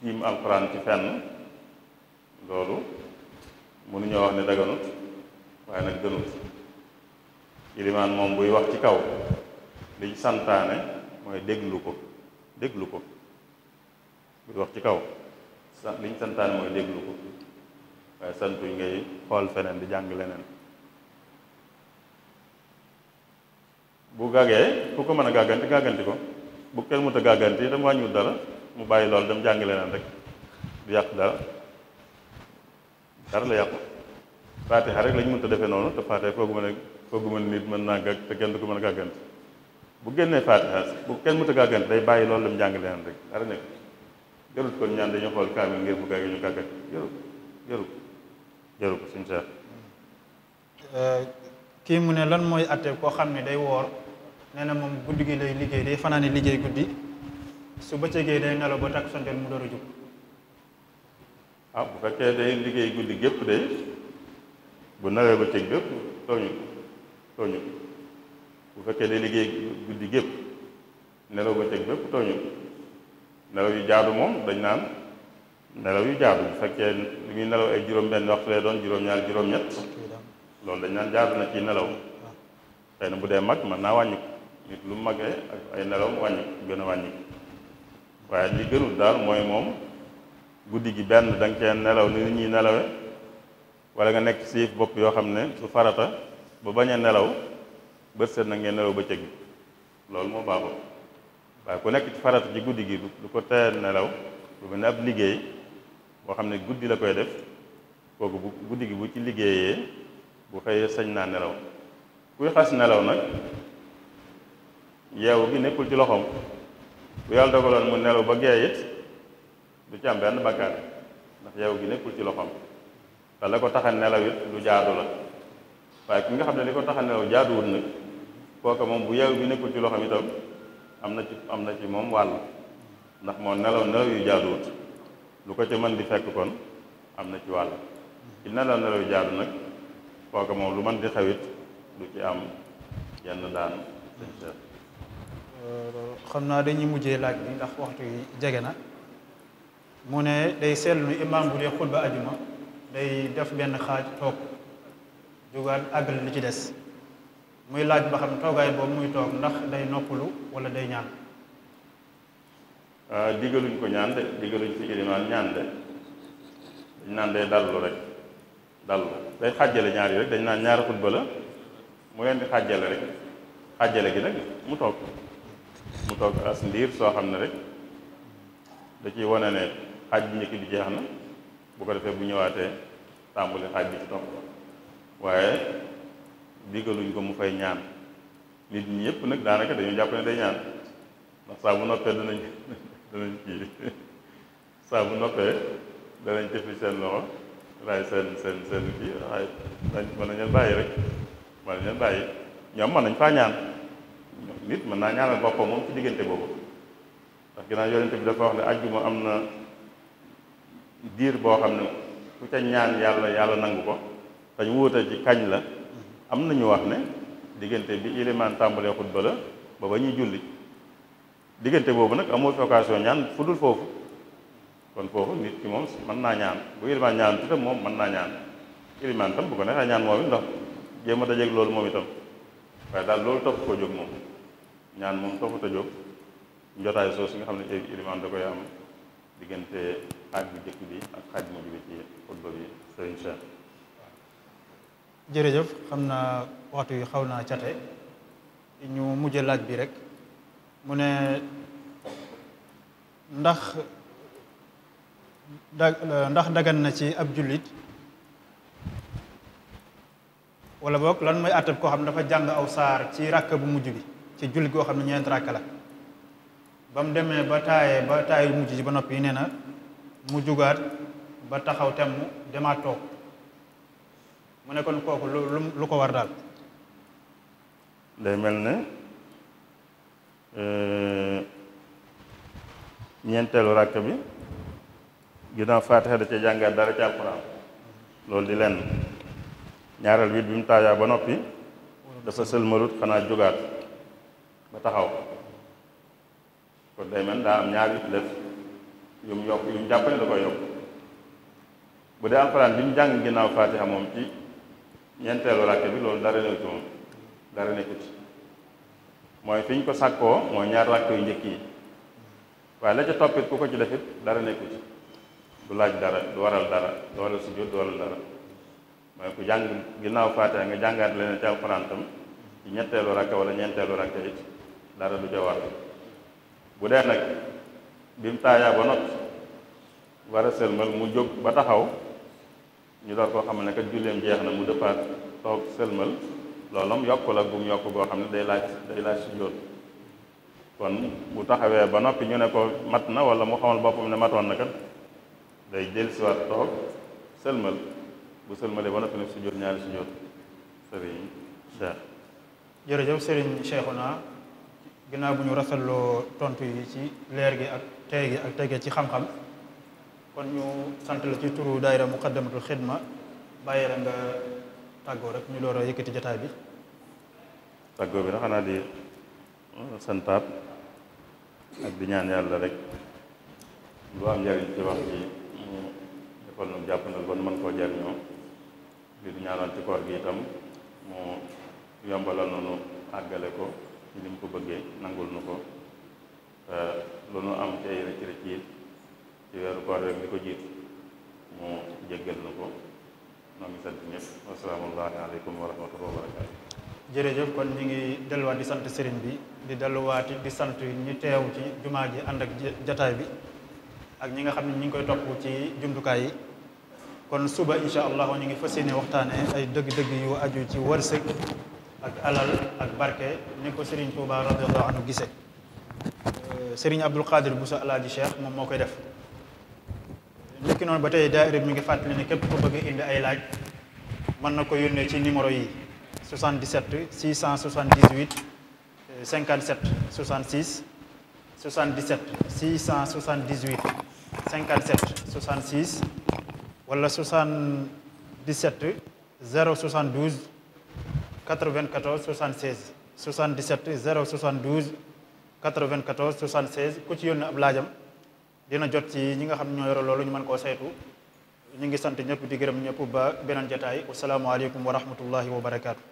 tiim alxuraan ci fenn loolu mënuñoo wax ne daganut waaye nag gënut ilimaan moom buy wax ci kaw liñ santaane mooy déglu ko déglu ko buy wax ci kaw liñ santaane mooy déglu ko waaye santuñ ngay xool feneen di jàng leneen bu gàggee ku ko mën a gàgganti gàgganti ko bu kenn mënta gàgganti itam wàññiwut dara mu bàyyi loolu dem jàng leneen rek du yàq dara dara la yàqu faatiha rek lañ mënta defee noonu te faatiha kooku mën a kooku mën nit mën naa gàgg te kenn du ko mën a gàgganti bu génnee faatiha bu kenn mënta gàgganti day bàyyi loolu dem jàng leneen rek dara nekk jarut kon ñaan dañu xool kaamil ngir bu gàggee ñu gàgganti jarut jarut jarut ko suñ seet kii mu ne lan mooy atte koo xam ne day woor nee na moom guddi gi lay liggéey day fanaane liggéey guddi su bëccëgee day nelaw ba takk sontel mu door a jóg ah, bu fekkee day liggéey guddi gépp day nawee bëccëg gépp tooñu tooñu bu fekkee day liggéey guddi gépp nelaw bëccëg bépp tooñu nelaw yu jaadu moom dañ naan nelaw yu jaadu bu fekkee li muy nelaw ay juróom-benn waxtu lay doon juróom-ñaar juróom-ñett loolu dañ naan jaadu na ci nelaw ah. xëy bu dee mag mën naa wàññi nit lu magee ak ay nelaw wàññi benn a wàññi waaye li gënul daal mooy moom guddi gi benn da nga nelaw ni nit ñuy nelawe wala nga nekk siif bopp yoo xam ne su farata ba bañ nelaw bët set na ngeen nelaw ba bi loolu moo baaxul waaye ku nekk ci farata ci guddi gi lu ko tee nelaw lu mel ab liggéey boo xam ne guddi la koy def kooku guddi gi bu ci liggéeyee bu xëyee sañ naa nelaw kuy xas nelaw nag yeewu gi nekkul ci loxoom bu yàlla dogaloon mu nelaw ba gee it du ci am benn bakkaar yeewu gi nekkul ci loxoom te la ko tax a nelaw it lu jaadu la waaye ki nga xam ne li ko tax a nelaw jaaduwul nag kooka moom bu yeewu gi nekkul ci loxoom itam am na ci am na ci moom wàll ndax moo nelaw nelaw yu jaaduwut lu ko ca mën di fekk kon am na ci wàll ci nelaw nelaw yu jaadu nag kooka moom lu man di xewit lu ci am yenn daan seen seet xam naa dañuy mujje laaj bi ndax waxtu yi jege na mu ne day seetlu imaam bu dee xutba ajuma day def benn xaaj toog jógaat àggal li ci des muy laaj ba xam toogaay boobu muy toog ndax day noppalu wala day ñaan waaw ah, diggaluñ ko ñaan de diggaluñ ci ilimaan ñaan de dañ naan day dallu rek dallu day xàjjale ñaar yi rek dañ naan ñaari xutba la mu leen xàjjale rek xàjjale gi nag mu toog mu toog as ndiir soo xam ne rek da ciy wane ne xaaj bu njëkk bi jeex na bu ko defee bu ñëwaatee tàmbali xaaj bi ci topp waaye diggaluñ ko mu fay ñaan nit ñi yëpp nag daanaka dañu jàpp ne day ñaan ndax saa bu noppee danañ danañ kii saa bu noppee danañ jëfi seen loxo raay seen seen seen kii raay dañ mën nañ leen bàyyi rek mën nañ leen bàyyi ñoom mën nañ faa ñaan nit mën naa ñaanal boppam moom ci diggante boobu ndax ginnaaw yonente bi dafa wax ne ajjuma am na diir boo xam ne ku ca ñaan yàlla yàlla nangu ko dañ wuute ci kañ la am na ñu wax ne diggante bi ilimaan tàmbalee xutba la ba ñuy julli diggante boobu nag amoo fi occasion ñaan fu dul foofu kon foofu nit ki moom mën naa ñaan bu ilimaan ñaan moom mën naa ñaan ilimaan tam bu ko neexee ñaan moom it ndax jéem a dajeeg loolu moom itam waaye daal loolu topp ko jóg moom ñaan moom taxut a jóg njotaay soosu nga xam ne ilimaan da koy am diggante xaaj bu jëkk bi ak xaaj bu mujj bi ci xutba bi sëriñ Cheikh jërëjëf xam naa waxtu yi xaw naa cate ñu mujj laaj bi rek mu ne ndax da ndax dagan na ci ab jullit wala boog lan mooy àttab koo xam ne dafa jàng aw saar ci ràkk bu mujj bi ci julli goo xam ne ñeent rakk la ba mu demee ba taayee ba taay mujj ji ba noppi nee na mu jugaat ba taxaw temm demaat toog mu ne kon kooku lu lu ko war daal day mel ne euh, ñeenteelu ràkk bi ginnaaw faatixa da ca jàngaat dara ci alxuraan loolu di lenn ñaareel bi bi mu taayaa ba noppi dafa sëlmarut xanaa jógaat ba taxaw kon day mel daa am ñaar yu des yu mu yokk yu mu jàpp ne da koy yokk bu dee alxuraan bi mu jàng ginnaaw faatiha moom ci ñeenteelu ràkke bi loolu dara nekkut moom dara nekkut mooy fi ñu ko sàkkoo mooy ñaar ràkk yu njëkk yi waaye la ca toppit ku ko ci defit dara nekkut du laaj dara du waral dara du waral sujjóot du waral dara mooy ku jàng ginnaaw faatiha nga jàngaat leneen ci alxuraan tam ci ñetteelu ràkke wala ñeenteelu ràkke it dara du ca war bu dee nag bi mu taayaa ba noppi war a sëlmal mu jóg ba taxaw ñu door koo xamal ne kat julleem jeex na mu dëppaat toog sëlmal loolam yokk la bu yokk goo xam ne day laaj day laaj sujjóot kon bu taxawee ba noppi ñu ne ko mat na wala mu xamal boppam ne matoon na kat day dellusiwaat toog sëlmal bu sëlmalee ba noppi nag sujjóot ñaari sujjóot sëriñ Cheikh jërëjëf sëriñ Cheikhouna ginnaaw bu ñu rafetloo tontu yi ci leer gi ak tey ak tege ci xam-xam kon ñu sant la ci turu daayira muqaddamatul xidma bàyyi la nga tàggoo rek ñu door a yëkkati jataay bi tàggoo bi na xanaa di santaat ak di ñaan yàlla rek lu am njariñ ci wax ji mu defal nu jàppandal ba nu mën koo jariñoo di ñaanal ci koor gi itam mu yombalal noonu àggale ko ni mu ko bëggee nangul nu ko lu nu am ci ay rëcc rëcc yi ci weeru koor rek di ko jiitu mu jéggal nu ko noo ngi sant ñëf asalaamaaleykum wa rahmatulah wa barakaatu. jërëjëf kon ñu ngi delluwaat di sant sëriñ bi di delluwaati di sant ñi teew ci jumaa ji ànd ak jataay bi ak ñi nga xam ne ñu ngi koy topp ci jumtukaay yi kon suba incha allah ñu ngi fas yéene waxtaanee ay dëgg-dëgg yu aju ci wërsëg ak alal ak barke ni ko Serigne Touba radiyallahu anhu gisee euh, Serigne Abdul Qadir Bousso Alaaji Cheikh moom moo koy def nekki noonu ba tey daayira mi ngi fàttali ne képp ku bëgg indi ay laaj mën na ko yónnee ci numéro yi 77 678 euh, 57 66 77 678 57 66 wala 77 072 94 76 77 072 94 76 ku ci yónnee ab laajam dina jot ci ñi nga xam ne ñoo yore loolu ñu mën koo saytu ñu ngi sant ñëpp di gërëm ñëpp ba beneen jotaay wasalaamualeykum wa rahmatullahi wa barakaatu.